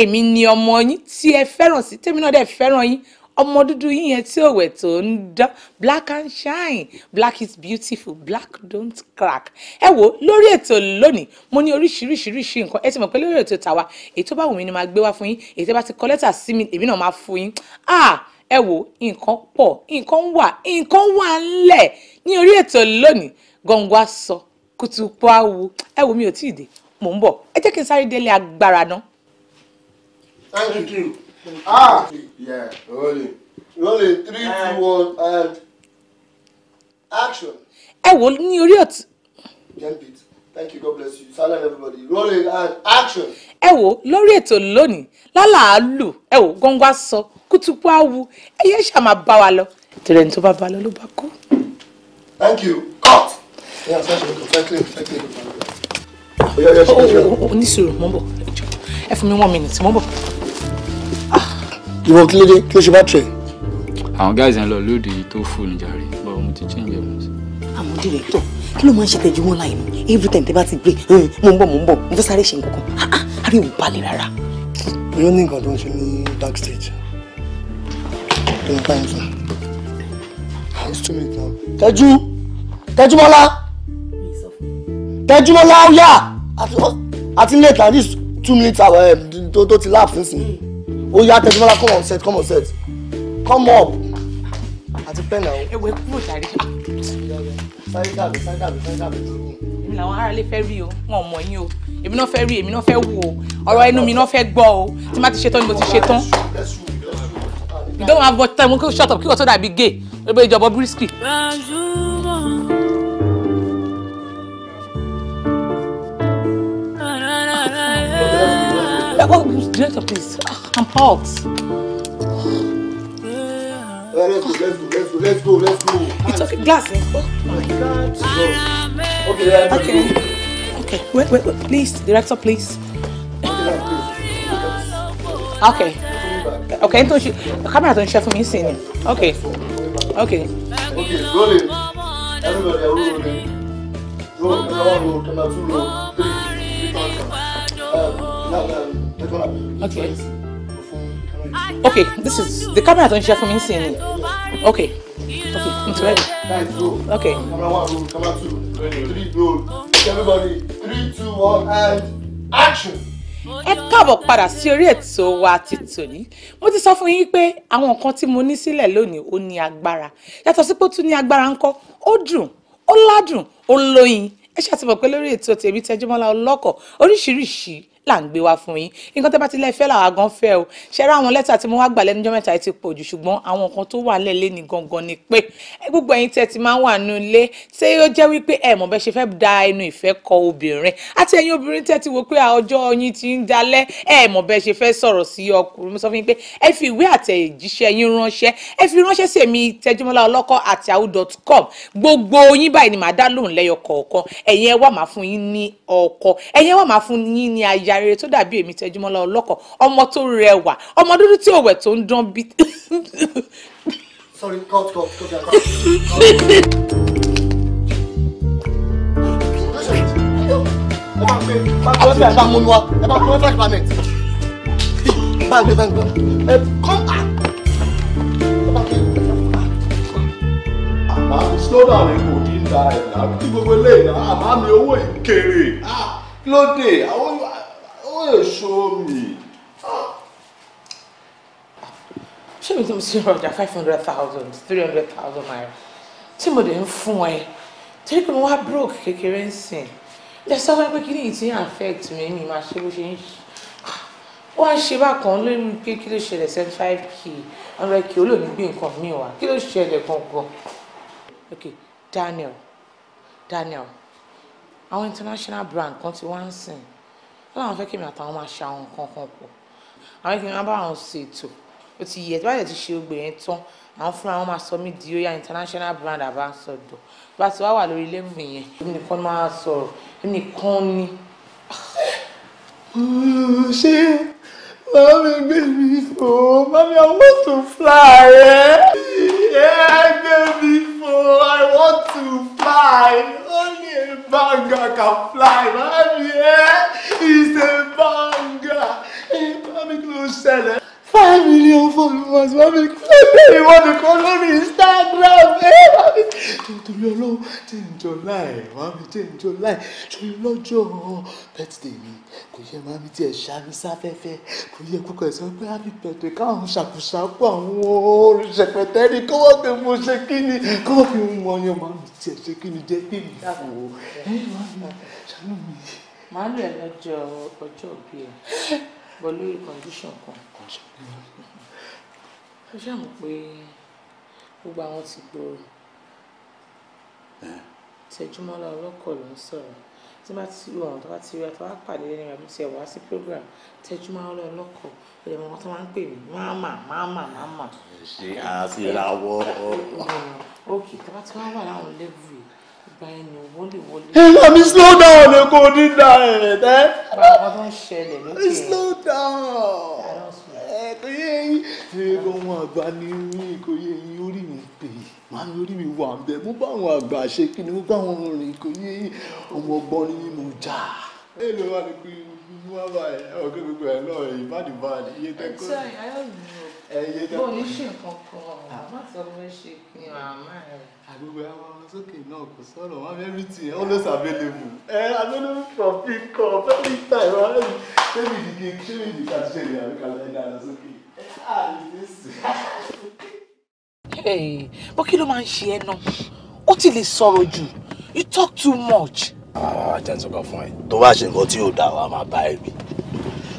[SPEAKER 2] Èmi ni ọmọ yín tí ẹ fẹ́ràn sí, tèmi náà dẹ̀ fẹ́ràn yín, ọmọ dúdú yín yẹn tí òwẹ̀ tó ń dán black and shine black is beautiful black don't crack ẹ wo lórí ètò lónìí mo ní oríṣiríṣiríṣi nǹkan ẹ ti mọ̀ pé lórí ètò tàwa èyí tó bá wù mí ni máa gbé wá fún yín èyí tó bá ti kọ lẹ́tà sí mi èmi náà máa fún yín ah ẹ wo nǹkan pọ̀ nǹkan wà nǹkan wà ńlẹ̀ ní orí ètò lónìí gọ̀ǹgọ̀ aṣọ kùtùpọ̀ awo ẹ wo mi ò tí ì dé mò ń bọ̀ ẹ jẹ́ kí n sáré délé agbára náà.
[SPEAKER 7] thank you. Ah! Yeah, rolling. Rolling three, two, eh. one, and action.
[SPEAKER 2] Ẹ wo ní orí ọ̀tún.
[SPEAKER 7] Jump it. Thank you, God bless you. Salam everybody. Rolling and action.
[SPEAKER 2] Ẹ wo lórí ètò lónìí lálàálù ẹ wo gbọ́ngbà sọ kútùkú àwù ẹyẹ ṣá máa bá wa lọ. Ètò rẹ̀ ní tó bá ba lọ ló bá kú. Thank you. Cut. Oníṣòro mọ́ bọ̀ ẹ fún mi one minute mọ́ bọ̀
[SPEAKER 3] ìwọ kí ló dé kí ló ṣe bá tẹ̀. àwọn guys yẹn lọ lóde tó fún mi jàre bọ́ mo ti change ẹ̀ mọ́ sí.
[SPEAKER 11] àmọ́ director kí ló máa ń ṣe tẹ̀jú wọn láì mú every time tẹ bá ti gbé hmm, mo ń bọ̀ mo ń bọ̀ mo fẹ́ sáré ṣe nǹkan kan àárẹ̀ ò
[SPEAKER 4] balẹ̀ rárá.
[SPEAKER 8] bóyá ní nǹkan tó ń ṣe ní backstage tó ń bá yẹn fún
[SPEAKER 4] tẹ̀jú tẹ̀jú mọ́lá
[SPEAKER 12] tẹ̀jú mọ́lá ó yà àti late at least two minutes eh, tó ti láàfin sí i ó yá tẹ̀síwọ́lá come on set come on set come up
[SPEAKER 2] àti pẹ́ náà. ẹ wẹ kúrò sáré. sáré dàbí sáré dàbí sáré dàbí. èmi làwọn aráalé fẹ́ rí o wọn ò mọ̀ yín o èmi náà fẹ́ rí èmi náà fẹ́ wò o ọ̀rọ̀ ẹnu mi náà fẹ́ gbọ́ o tí má ti ṣetán ni mo ti ṣetán. you don't have much time mo kí o shut up kí o tó dàbí gay o lè bẹ ìjọba bírísìkì. Go, director, please. I'm hot. Let's go, let's go, let's go, let's go. It's okay, glasses. Oh my God.
[SPEAKER 12] Okay, okay.
[SPEAKER 2] Okay, wait, wait, wait. Please, director, please. Okay. Okay, então camera tó ń ṣe fún mi Okay. Okay. Okay,
[SPEAKER 7] roll Everybody, roll it.
[SPEAKER 4] Roll, roll, roll, roll, roll, three, three, now, now. Okay.
[SPEAKER 2] Okay, this is the camera Don't share for me seeing. sí Okay. Okay,
[SPEAKER 7] it's ready.
[SPEAKER 4] Okay. Camera one camera two,
[SPEAKER 2] three roll. Everybody, three, two, one, and action! ẹ káàbọ̀ padà sí orí ètò wa ti tòní mo ti sọ fún yín pé àwọn nǹkan tí mo ní sílẹ̀ lónìí ó ní agbára yàtọ̀ sí pé ó tún ní agbára ńkọ́ ó dùn ó ládùn ó lóyin ẹ ṣàtìmọ̀ pé lórí ètò tèmi Tẹ́júmọ́lá ọlọ́kọ̀ oríṣiríṣi là ń gbé wá fún yín nǹkan tẹ́ bá ti lẹ́ fẹ́ làwa fẹ́ o ṣe àwọn lẹ́tà tí mo wá gbà lẹ́nujọ́ mẹ́ta ti pọ̀ jù ṣùgbọ́n àwọn nǹkan tó wà lẹ́lẹ́ ni gangan ni pé gbogbo ẹ̀yin tẹ́ ti máa ń wà nù ilé ṣé ó jẹ́ wípé ẹ mọ̀ bẹ́ ṣe fẹ́ da ẹnu ìfẹ́ kọ obìnrin àti ẹ̀yin obìnrin tẹ́ ti wò pé ọjọ́ yín ti ń dalẹ̀ ẹ mọ̀ bẹ́ ṣe fẹ́ sọ̀rọ̀ sí ọkùnrin mo sọ fún yín pé ẹ fi ìwé àtẹ̀jíṣẹ́ yín ránṣẹ́ ẹ fi ránṣẹ́ sí èmi tẹjúmọ́lá ọlọ́kọ́ àti ahu.com ni màá dá lóhùn lẹ́yọ kọ̀ọ̀kan ẹ̀yin ẹ wá máa fún yín ní ọkọ ẹ̀yin ẹ ìyá rere tó dàbí èmi Tẹjúmọ́lá ọlọ́kọ̀ ọmọ tó rẹwà ọmọ dúdú tí òwẹ̀ tó ń dán bí.
[SPEAKER 4] Sorry, cut, cut, cut,
[SPEAKER 12] cut,
[SPEAKER 4] Slow down, Eko ní ìlà ẹ̀ náà. Kí gbogbo eléyìí náà, àmọ́ mi owó ìkéré. Kí Oh, show
[SPEAKER 2] me. Show me mo ṣe ọjà five hundred thousand three hundred thousand naira tí mo dẹ̀ ń fún ẹ torí pé mo broke kékeré ń sìn lẹ sọ wá pé kí ni ìtì affect mi mi máa ṣe bó ṣe ń ṣe wọ́n á ṣe bákan lórí five k hundred k olóòní gbé nǹkan mi wá kí ló ṣẹlẹ̀ gangan Daniel Daniel our international brand kan ti wá láwọn fẹ́ kémi àtàwọn máa ṣe àwọn nǹkan kan pọ̀ àwọn kí bá àwọn ṣètò ó ti yẹ tí ti ṣe ogbè tán àwọn fúnra wọn máa sọ mí di oya international brand ambassador tó bá ti wá wà lórí lẹ́mù yẹn èmi nìkan máa sọ̀rọ̀ èmi nìkan ni. Mmm,
[SPEAKER 5] ṣé màá mi gbé mi fò màá mi I want to fly ẹ eh? ẹ gbé mi fò I want to fly only
[SPEAKER 4] a bag I can fly màá mi ẹ. Eh? It's a banger. Ìbámi kí ló ṣẹlẹ̀?
[SPEAKER 5] Five million followers wá mi kí ló lè wọ́n mi kọ́ lórí Instagram. Ìbámi
[SPEAKER 4] nítorí ọlọ́run tí ń jọ láì wá mi tí ń jọ láì ṣe lọ́jọ́ birthday mi kò yẹ máa mi tiẹ̀ ṣàmì sáfẹ́fẹ́ kò yẹ kókò ẹ̀sọ́ pé á fi pẹ̀tẹ̀ káwọn ṣàkóṣàkó àwọn olùṣèpẹ̀tẹ́ ni kí wọ́n fi mú ṣe kí ni kí wọ́n fi mú ọyàn máa mi tiẹ̀ ṣe kí ni jẹ́ kí ni dáàbò ẹ̀ máa mi ṣàánú mi
[SPEAKER 2] màá lò ẹ́ lọ́jọ́ ọjọ́ òbí ẹ̀ bọ́ lórí condition kan. ó ṣàmù pé gbogbo àwọn ti gbòòrò tẹjúmọ́lá ọlọ́kọ̀ ló ń sọ̀rọ̀ tí bá ti wọ̀ tó bá ti rí àtàwọn àpàdé lẹ́nu ìgbà tí ẹ̀ wá sí program tẹjúmọ́lá ọlọ́kọ̀ ẹ̀rẹ̀ mọ́ tó máa ń pè mí máàmà máàmà máàmà.
[SPEAKER 5] ṣe àfihàn wọ. ok tí a bá ti wá wà láwọn lẹ́bù yìí gba ẹnu wọléwọlé. slow down
[SPEAKER 4] èkó dídá ẹ̀rẹ̀ tẹ́. àwọn slow down. kò yé yín. ṣé ni mí kò yé mi pè é màá mi orí mi wà bẹ́ẹ̀ mo bá àwọn àgbà ṣe kí ni mo bá àwọn rìn kò
[SPEAKER 7] yé yín ọmọ mo jà. èlò wà ní kí wọ́n bá ọ̀gá gbogbo ẹ̀ náà ẹyẹ tó. bó ní ṣe nǹkan
[SPEAKER 5] kan
[SPEAKER 6] àmọ́
[SPEAKER 7] ah. sọ fún ṣe pin màmá rẹ̀. àgbègbè àwọn ọmọ sókè náà kò sọ̀rọ̀ wọn everything always available. ẹ available from income every time wọn rẹ̀ ṣé mi dìde
[SPEAKER 2] ṣé mi dìde àti ṣe ìrìn àríkà lẹ́yìn àná sókè. Ah, bó kí ló máa ń ṣe ẹ náà ó ti lè sọ̀rọ̀ jù you talk too much.
[SPEAKER 4] àwọn ah, àwọn àjẹsọ̀kan fún ẹ tó bá ṣe nǹkan tí yóò dá wa máa bá ẹ rí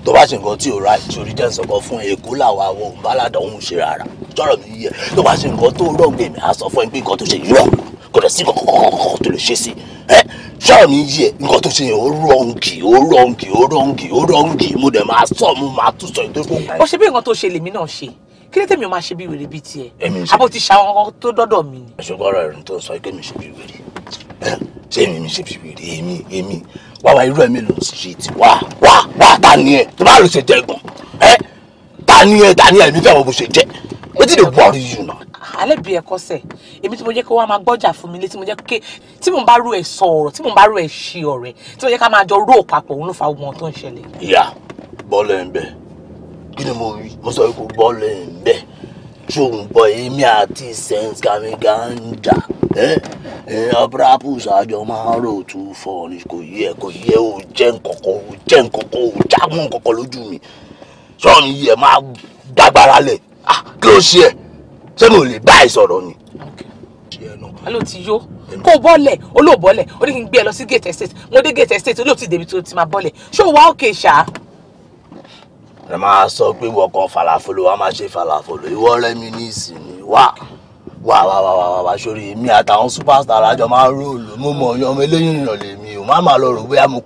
[SPEAKER 4] tó bá ṣe nǹkan tí ò ra ìṣòrí jẹ́ nsọ̀kan fún èkó làwọn àwọn òun bálàdà òun ṣe rárá jọ̀rọ̀ mi yẹ tó bá ṣe nǹkan tó rọ̀ gbèmí á sọ fún ẹ pé nǹkan tó ṣe yí ọ̀ kò lọ sí kankan tó lè ṣe sí ẹ jọ̀rọ̀ mi yẹ nǹkan tó ṣe yẹn ó rọ̀ǹgì ó rọ̀ǹgì ó rọ̀ǹgì ó rọ̀ǹgì mo dẹ̀ máa sọ mo máa tún sọ ìdókòwò. ó
[SPEAKER 2] ṣe bí nǹkan tó ṣe lèmi náà ṣe kí ló tẹ̀mí o máa ṣe bí wèrè bíi tiẹ̀
[SPEAKER 4] àbò ti ṣàwọn ọkọ tó dọ́dọ̀ mi ni. ẹ̀ṣọ́gbọ́n ọ̀rọ̀ ẹ̀rùn tó ń sọ pé mi ṣe bí wèrè ṣé èmi mi ṣe bí wèrè èmi èmi wá wá irú ẹ̀ mélòó street wá wá wá ta ni ẹ tó bá lọ ṣe jẹ gan ẹ ta ni ẹ ta ni ẹ mi fẹ́ wọ bó ṣe jẹ wetin dey worry you na.
[SPEAKER 2] alẹ́ bí ẹ̀kọ́ sẹ̀ èmi tí mo jẹ́ kó wá máa gbọ́jà fún mi létí mo jẹ́ ké tí mo bá rú ẹ̀ sọ ọ̀rọ̀ tí mo bá rú ẹ̀ ṣe ọ̀rẹ́ tí mo jẹ́ ká máa jọ ró papọ̀ òun ló fa ogun tó ń ṣẹlẹ̀.
[SPEAKER 4] ìyá bọ́ọ̀lù ẹ̀ ń bẹ̀ kí ni mo sọ pé kò bọ́ọ̀lù ẹ̀ ń bẹ̀ ṣòǹbọ̀ èmi àti saint kamiga ń jà abrapu ṣáájọ máa ń rò tú fọ ni kò yẹ kò yẹ o jẹ́ nkankan o jẹ́ nkankan o jámọ́ nkankan lójú mi sọ́ọ̀nù yẹ máa dágbára lẹ̀ ah, kí ló ṣe ẹ̀ sẹ́nu ò lè bá ẹ sọ̀rọ̀ ni
[SPEAKER 2] ló ti yó kó bọ́lẹ̀ olóòbọ́lẹ̀ ó ní kí n gbé ẹ lọ sí gate estate mo dé gate estate olóòtú débi tó ti máa bọ́lẹ̀ ṣó wàá òkè ṣáá
[SPEAKER 4] ẹ máa sọ pé ìwọ kan falafolo wa máa ṣe falafolo ìwọ ọ̀rẹ́ mi ní ìsinmi wá wá wá wá wá wá sórí èmi àtàwọn superstar àjọ máa róòlù mo mọ ọyàn ọmọ eléyìí ìràn lèmi ò má máa lọ rò bóyá mo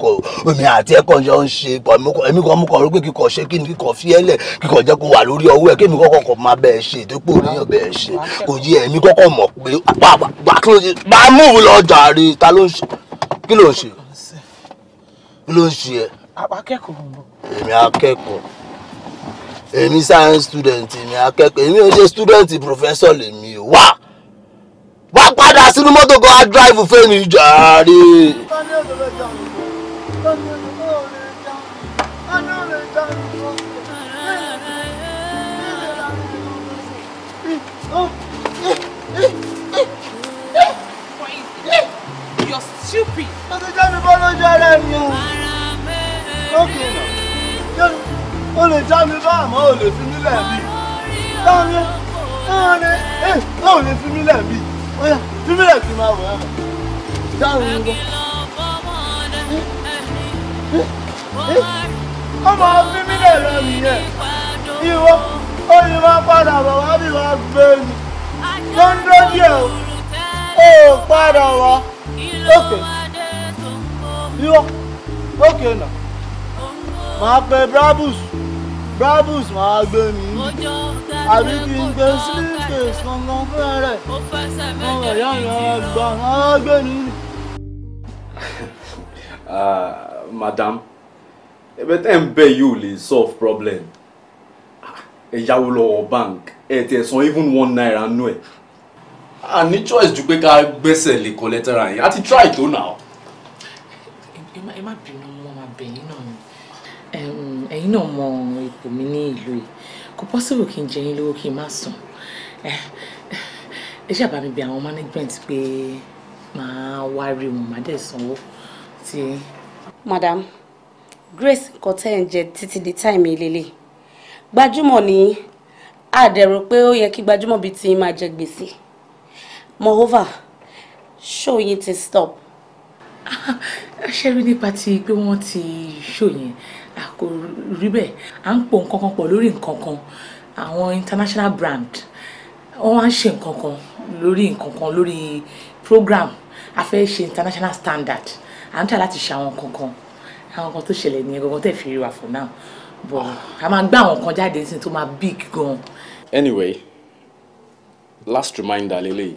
[SPEAKER 4] omi àti ẹkọ jọ ń ṣe pọ èmi kan mo rò pé kíkọ ṣe kí ni kíkọ fi ẹlẹ kíkọ jẹ kó wà lórí ọwọ́ ẹ kémi kọ́kọ́ kọ máa bẹ ẹ ṣe ìdókòwò oníyàn bẹ ẹ ṣe kò yí èmi kọ́kọ́ mọ̀ pé bá kí ló ṣe bá múùbù lọ jàre ta ló ń ṣe kí ló ń ṣe ẹ èmi science student mi akẹ́kọ̀ọ́ èmi ò ṣe student professor lèmi o wá wá padà sínú mọ́tò kan á drive fẹ́mi jàre.
[SPEAKER 1] You're stupid.
[SPEAKER 4] Okay now o lè já mi bá àmọ́ o lè fi mí lẹ̀ bí táwọn táwọn ẹ ẹ o lè fi mí lẹ̀ bí ọyà fi mí lẹ̀ kí n máa wọ̀ ẹ́ táwọn ń bọ̀ ọmọ fi mí lẹ̀ lọ nìyẹn
[SPEAKER 5] ìwọ ó ní máa padà bọ̀ wá bí wàá gbé mi
[SPEAKER 4] tó ń dó díẹ̀ o ò padà wá òkè ìwọ òkè náà máa pe brabus brabus máa gbé mi àbí kí n gbé slipcase kankan fún ẹrẹ ọmọ ìyá mi máa gbà máa gbé mi.
[SPEAKER 7] Ah, madam ẹ̀bẹ̀ tẹ́ ń bẹ yóò lè solve problem ah, ẹ yáwó lọ́wọ́ bank ẹ tiẹ̀ san even one naira nú ẹ a ní choice ju pé ká gbẹ́sẹ̀ lé collateral yẹn a ti try tó náà.
[SPEAKER 2] ẹ má bínú wọn máa bẹ̀ náà ni ẹ̀yin náà mọ ipò mi ní ìlú yìí kò pọ́sibù kí n jẹ yín lówó kí n má sùn ẹ ṣàbá mi bí àwọn management pé màá wá rí wọn màá dẹ̀ sanwó tí.
[SPEAKER 10] madam grace nǹkan tẹ́ ẹ̀ ń jẹ títí di táìmì ìlélẹ̀ gbajúmọ̀ ni àdẹ̀rò pé ó yẹ kí gbajúmọ̀ bíi ti máa jẹ gbèsè moreover show yín ti stop.
[SPEAKER 2] ṣé rí nípa ti pé wọ́n ti show kò rí bẹ́ẹ̀ à ń pò nǹkan kan pọ̀ lórí nǹkan kan àwọn international brand wọ́n wá ń ṣe nǹkan kan lórí nǹkan kan lórí program a ṣe international standard à ń tà láti ṣe àwọn nǹkan kan àwọn nǹkan tó ṣẹlẹ̀ ní ẹgbẹ̀rún tẹ̀ fi rí wa for now but a máa gbá àwọn nǹkan jáde sí tó máa big gan.
[SPEAKER 7] anyway last reminder lele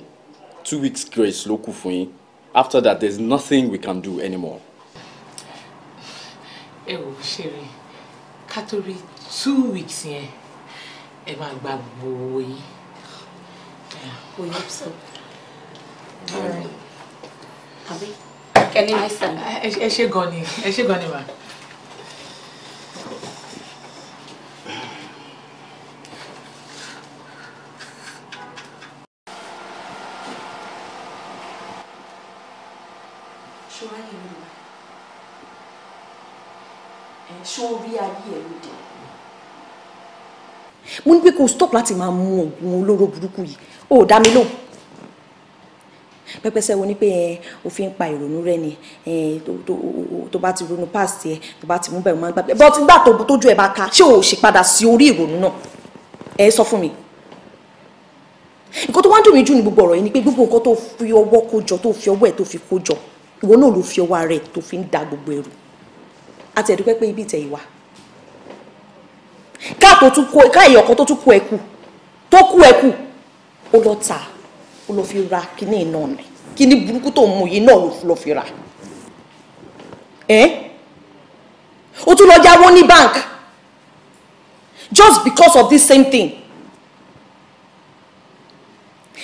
[SPEAKER 7] two weeks grace ló kù fún yín after that there is nothing we can do anymore
[SPEAKER 2] ẹ wò ṣeré ká tó two weeks yẹn ẹ máa gba gbogbo yín. we hope so. all right. àbí
[SPEAKER 6] kẹ́ni ní sàn. ẹ ṣe
[SPEAKER 2] gan ni ẹ ṣe gan ni ma.
[SPEAKER 11] Joining me ṣó rí ayé ẹ lóde. mo ní pé kó stop láti máa mu oògùn olóró burúkú yìí ó dá mi lóhùn pẹpẹsẹ wo ni pé òfin pa ìrònú rẹ ni tó bá ti ronú past ẹ tó bá ti mú bẹ́ẹ̀ máa gbà bẹ́ẹ̀ bọ́tí tójú ẹ bá ka ṣé o ṣe padà sí orí ìrònú náà ẹ sọ fún mi nǹkan tó wá ń dùn mí jù ní gbogbo ọ̀rọ̀ yìí ni pé gbogbo nǹkan tó fi ọwọ́ kó jọ tó fi ọwọ́ ẹ̀ tó fi kó jọ ìwọ náà ló fi ọwọ́ rẹ̀ tó fi ń da gbogbo ẹrù àti ẹ̀dúpẹ́ pé ibi ìtẹ̀ ìwà ká tó tún kó ká ìyọ̀ kan tó tún kú ẹ kù tó kú ẹ kù ó lọ tà ó lọ fi ra kíní náà ni kíní burúkú tó ń mu yìí náà ló fi ra ó tún lọ jáwó ní bank just because of this same thing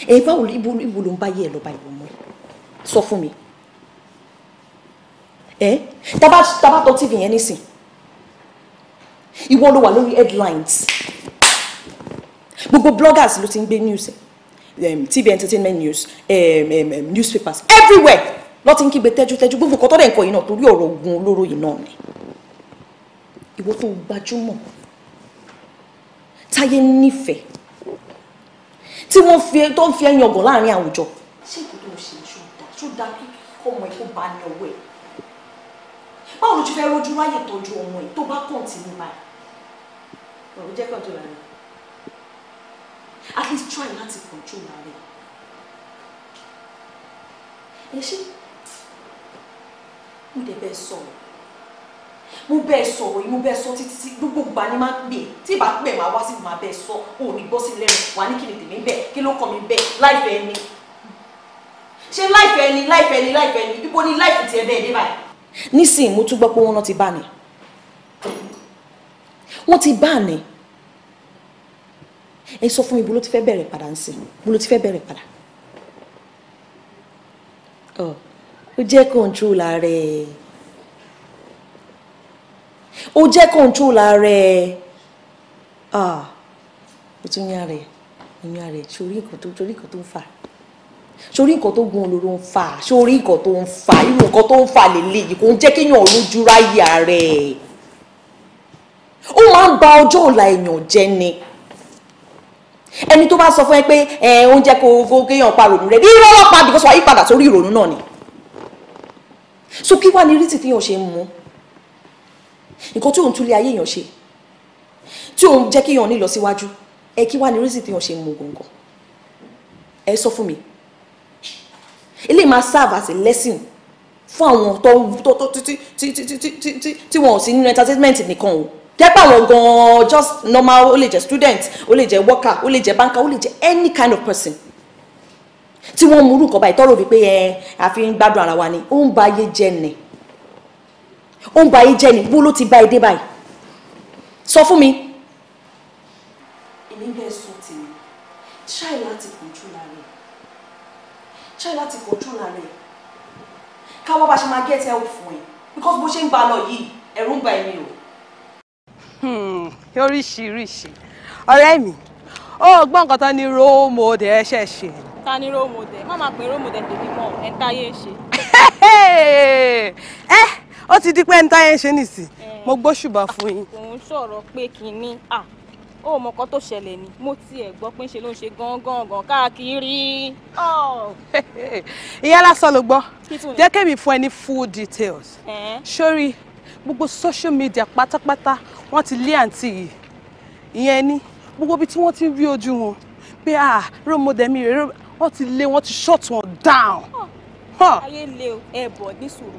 [SPEAKER 11] ẹ báwo ibo ló ń bá yẹ ẹ lọ bá ìwọ mọ sọ fún mi ẹ eh? tábà tábà tọ tv anything. nísìn ìwọ ló wà lórí headlines gbogbo bloggers ló ti ń gbé news um, tv entertainment news um, um, newspapers everywhere ló ti ń kígbe tẹjútẹjú gbogbo kọtọ́ dẹ̀ ń kọ yìí náà torí ọ̀rọ̀ ogun olóró yìí náà ni ìwọ tó gbajúmọ̀ táyé nífẹ̀ẹ́ tí wọ́n fi tó ń fi ẹyin ọ̀gàn láàrin àwùjọ. ṣé ìkòtò òṣèlú ṣó dáa ṣó dáa kí ọmọ ẹ̀kọ́ bá ní ọwọ́ ẹ̀ báwo ló ti fẹ́ rojú ráyè tọ́jú ọmọ yìí tó bá kàn tì ní báyìí ọ̀rọ̀ jẹ́ kàn tó rẹ̀ at least try láti control rà rẹ̀ ẹ ṣe mo dẹ̀ bẹ́ẹ̀ sọ̀rọ̀ mo bẹ́ẹ̀ sọ̀rọ̀ yìí mo bẹ́ẹ̀ sọ títí tí gbogbo ìgbà ni máa ń gbè tí ìbá pẹ̀ máa wá sí mo máa bẹ́ẹ̀ sọ òun ní gbọ́ sí lẹ́nu wà ní kí ni tèmi bẹ́ẹ̀ kí ló kàn mí bẹ́ẹ̀ láìfẹ́ ni ṣé láìfẹ́ ni láìfẹ́ ni láìfẹ́ ni ibo ni láìfẹ́ tiẹ̀ bẹ́ẹ̀ dé báyìí nísìnyí mo tún gbọ́ pé wọ́n náà ti bá ní wọ́n ti bá ní ẹ sọ fún mi bó ló ti fẹ́ bẹ̀rẹ̀ padà ń sìn ti fẹ́ bẹ̀rẹ̀ padà ó jẹ́ control ara ẹ̀ jẹ́ control ara ẹ̀ ah ó tún yára ẹ̀ ó yára ẹ̀ torí nǹkan tó ń fà sórí nǹkan tó gun olóró ń fà sórí nǹkan tó ń fà irú nǹkan tó ń fà lélẹ̀ yìí kò ń jẹ́ kéèyàn lójú ráyà rẹ̀ ó máa ń ba ọjọ́ ọ̀la èèyàn jẹ́ ni ẹni tó bá sọ fún ẹ pé ẹ oúnjẹ kò kó kéèyàn pa ìrònú rẹ bí irọ́ lọ pa bìkọ́sọ àyípadà sórí ìrònú náà ni so kí wàá ní rí tìtì yàn ṣe ń mú nǹkan tí òun tún lé ayé yàn ṣe tí òun jẹ́ kí yàn ní ìlọsíwájú ẹ kí wàá ní rí tìtì yàn ṣe ń mú gbọ̀ngàn ẹ sọ fún mi eléyìí máa serve as a lesson fún àwọn tó tó tí tí tí tí tí tí tí wọn ò sí nínú entertainment nìkan o dẹ́pẹ́ àwọn gan-an just normal ó lè jẹ́ student ó lè jẹ́ worker ó lè jẹ́ banker ó lè jẹ́ any kind of person tí wọ́n mú orúkọ báyìí tọ́rọ̀ wípé ẹ àfi ń gbádùn ara wa ni ó ń ba ayé jẹ́ ni ó ń ba ayé jẹ́ ni bó ló ti bá ẹ dé báyìí sọ fún mi. èmi bẹ́ẹ̀ sọ tèmi ṣáì láti kùn jù try láti control her ẹ̀ ká wá bá ṣe máa get help fún ẹ because bó ṣe ń ba lọ yìí ẹ̀rù ń ba ẹ̀mí o.
[SPEAKER 1] Hmm,
[SPEAKER 9] oríṣiríṣi ọ̀rẹ́ mi ó gbọ́n nǹkan tán ni role model ẹ ṣẹ̀ ṣe.
[SPEAKER 6] ta ni role model má máa pè role model tèmi mọ́ ẹ̀ ń táyé ṣe.
[SPEAKER 9] ẹ eh, ó ti di pé ẹ̀ ń táyé ṣe nìsín eh. mo gbóṣùbà fún yín.
[SPEAKER 6] òun sọ̀rọ̀ pé kínní ó mọ nǹkan tó ṣẹlẹ̀ ni mo tiẹ̀ gbọ́ pé ń ṣe ló ń ṣe gangan káàkiri. Oh.
[SPEAKER 9] ìyá lásán ló gbọ́ jẹ́ kémi fún ẹ ní full details sórí gbogbo social media pátápátá wọ́n ti lé àǹtí yìí ìyẹn ni gbogbo ibi tí wọ́n ti ń rí ojú wọn pé ah rómọdẹ̀mí rẹ̀ wọ́n ti lé wọ́n ti shut wọn down.
[SPEAKER 6] ayé lè ẹ̀bọ̀ ní sùúrù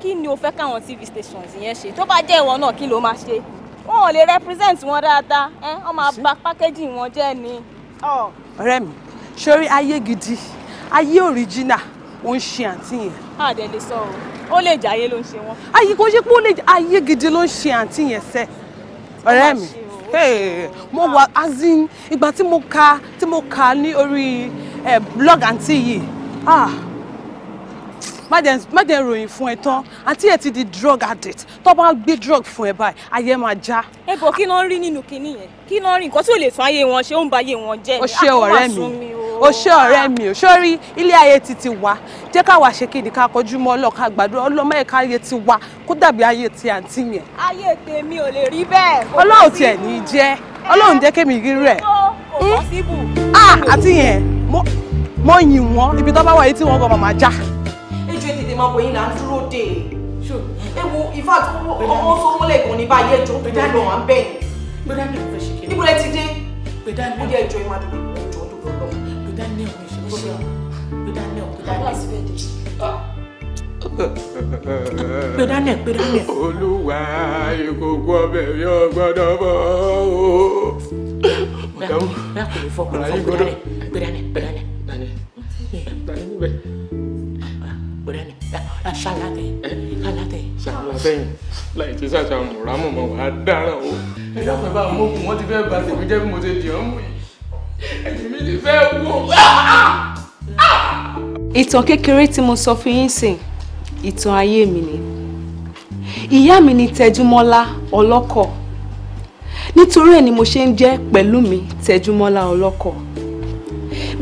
[SPEAKER 6] kí ni o fẹ́ káwọn tv stations yẹn ṣe tó bá jẹ́ ìwọ náà kí ló máa ṣe wọn ò lè represent wọn dáadáa ẹ wọn máa bà packaging wọn jẹ́ ni.
[SPEAKER 9] ọ̀rẹ́ mi sórí ayé gidi ayé original ó ń ṣe àǹtí yẹn.
[SPEAKER 6] àdé lè sọ o ó lè jẹ ayé ló ń ṣe wọn.
[SPEAKER 9] ayé kò ṣe pé ó lè jẹ ayé gidi ló ń ṣe àǹtí yẹn sẹ ọ̀rẹ́ mi mo wà azin ìgbà tí mo ka tí mo ka ní orí eh, blog àǹtí yìí. Ah, má dẹ̀ ròyìn fún ẹ tán àti ẹ ti di drug addict tó bá gbé drug fún ẹ báyìí ayé máa já.
[SPEAKER 6] ẹ bọ̀ kí náà rí nínú kinní yẹn kí náà rí nǹkan tí ò lè tún ayé wọn ṣe ó ń ba ayé wọn jẹ́ ó ṣe ọ̀rẹ́ mi
[SPEAKER 9] ó ṣe ọ̀rẹ́ mi ò sórí ilé ayé ti ti wá jẹ́ káwa ṣe kí ni ká kọjú mọ́ ọlọ́ka gbàdúrà ọlọ́mọ ẹ̀ka ayé ti wá kó dàbí ayé ti àǹtí yẹn.
[SPEAKER 6] ayé tèmi ò lè rí bẹ́ẹ̀. ọlọ́run tiẹ̀
[SPEAKER 9] ní í jẹ́ ọlọ́run jẹ́ kémi rí rẹ̀. Hmm? Ah, àti yẹn mo yìn wọ́n ibi tó bá wà yìí tí wọ́n gan màmá já
[SPEAKER 11] ojú ètètè máa bọ̀ yín ń dúró dé e wo in
[SPEAKER 9] ọmọ sọmọlẹ̀ gan ní báyìí ẹjọ́ tó lọ
[SPEAKER 6] à ń bẹ̀ yín
[SPEAKER 13] níbo lẹ ti dé ó jẹ́ ẹjọ́ ìwádìí ẹjọ́ tó lọ lọ.
[SPEAKER 5] Pe Daniel, pe Daniel. Olúwa ìkòkò ọbẹ̀ yóò gbọ́dọ̀ bọ̀ ooo. Bẹ́ẹ̀ kò lè fọ́ kò lè fọ́ pe Daniel, pe Daniel, pe Daniel. Daniel,
[SPEAKER 2] Daniel
[SPEAKER 5] ṣàlàtẹ̀ ṣàlàtẹ̀. láì tí sàṣà mùrámù wá dáràn o.
[SPEAKER 3] ẹ dákun bá mú òkun wọn ti fẹ́ ba tèmi jẹ́ bí mo ṣe dì ọ́ mú yìí ẹ̀yìn mi ti fẹ́ wò.
[SPEAKER 13] ìtàn kékeré tí mo sọ fún yín sìn ìtàn ayé mi ni ìyá mi ni Tẹjúmọ́lá ọlọ́kọ̀ nítorí ẹ̀ ni mo ṣe ń jẹ́ pẹ̀lú mi Tẹjúmọ́lá ọlọ́kọ̀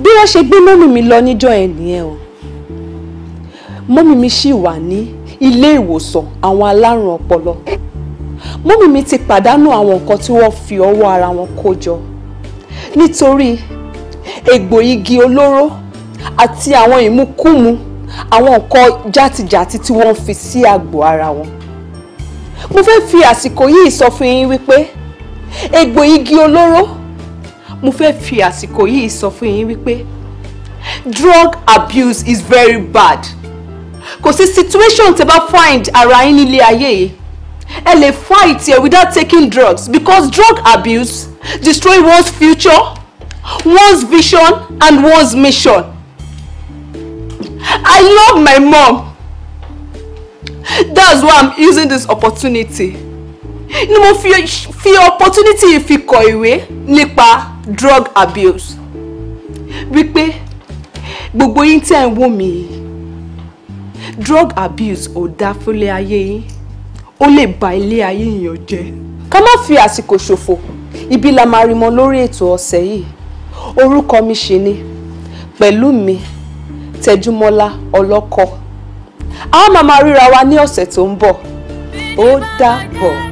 [SPEAKER 13] bí wọ́n ṣe gbé mọ́mì mi lọ níjọ́ ẹ̀ nìyẹn o mọ́mì mi ṣì wà ní ilé ìwòsàn àwọn alárùn ọpọlọ mọ́mì mi ti pàdánù àwọn nǹkan tí wọ́n fi ọwọ́ ara wọn kó jọ nítorí egbò igi olóró àti àwọn ìmukúmu àwọn nǹkan játijàti tí wọ́n fi sí àgbo ara wọn mo fẹ́ fi àsìkò yìí sọ fún yín wípé egbò igi olóró mo fẹ́ fi àsìkò yìí sọ fún yín wípé drug abuse is very bad kò sí situation tẹ́ bá find ara yín nílé ayé yìí ẹ lè fight here without taking drugs because drug abuse destroy one's future one's vision and one's mission. I love my mom. That's why I'm using this opportunity. Ni mo fi fi opportunity fi kọ ìwé nípa drug abuse. Wípé gbogbo yín tí ẹ̀ ń wò mí yìí drug abuse ò dáa fúnlé ayé yín ó lè ba ilé ayé èèyàn jẹ́. ká má fi àsìkò ṣòfò ibi la máa rí mọ lórí ètò ọ̀sẹ̀ yìí orúkọ mi ṣe ni pẹ̀lú mi tẹjúmọ́lá ọlọ́kọ a máa máa ríra wa ní ọ̀sẹ̀ tó ń bọ̀ ó dàbọ̀.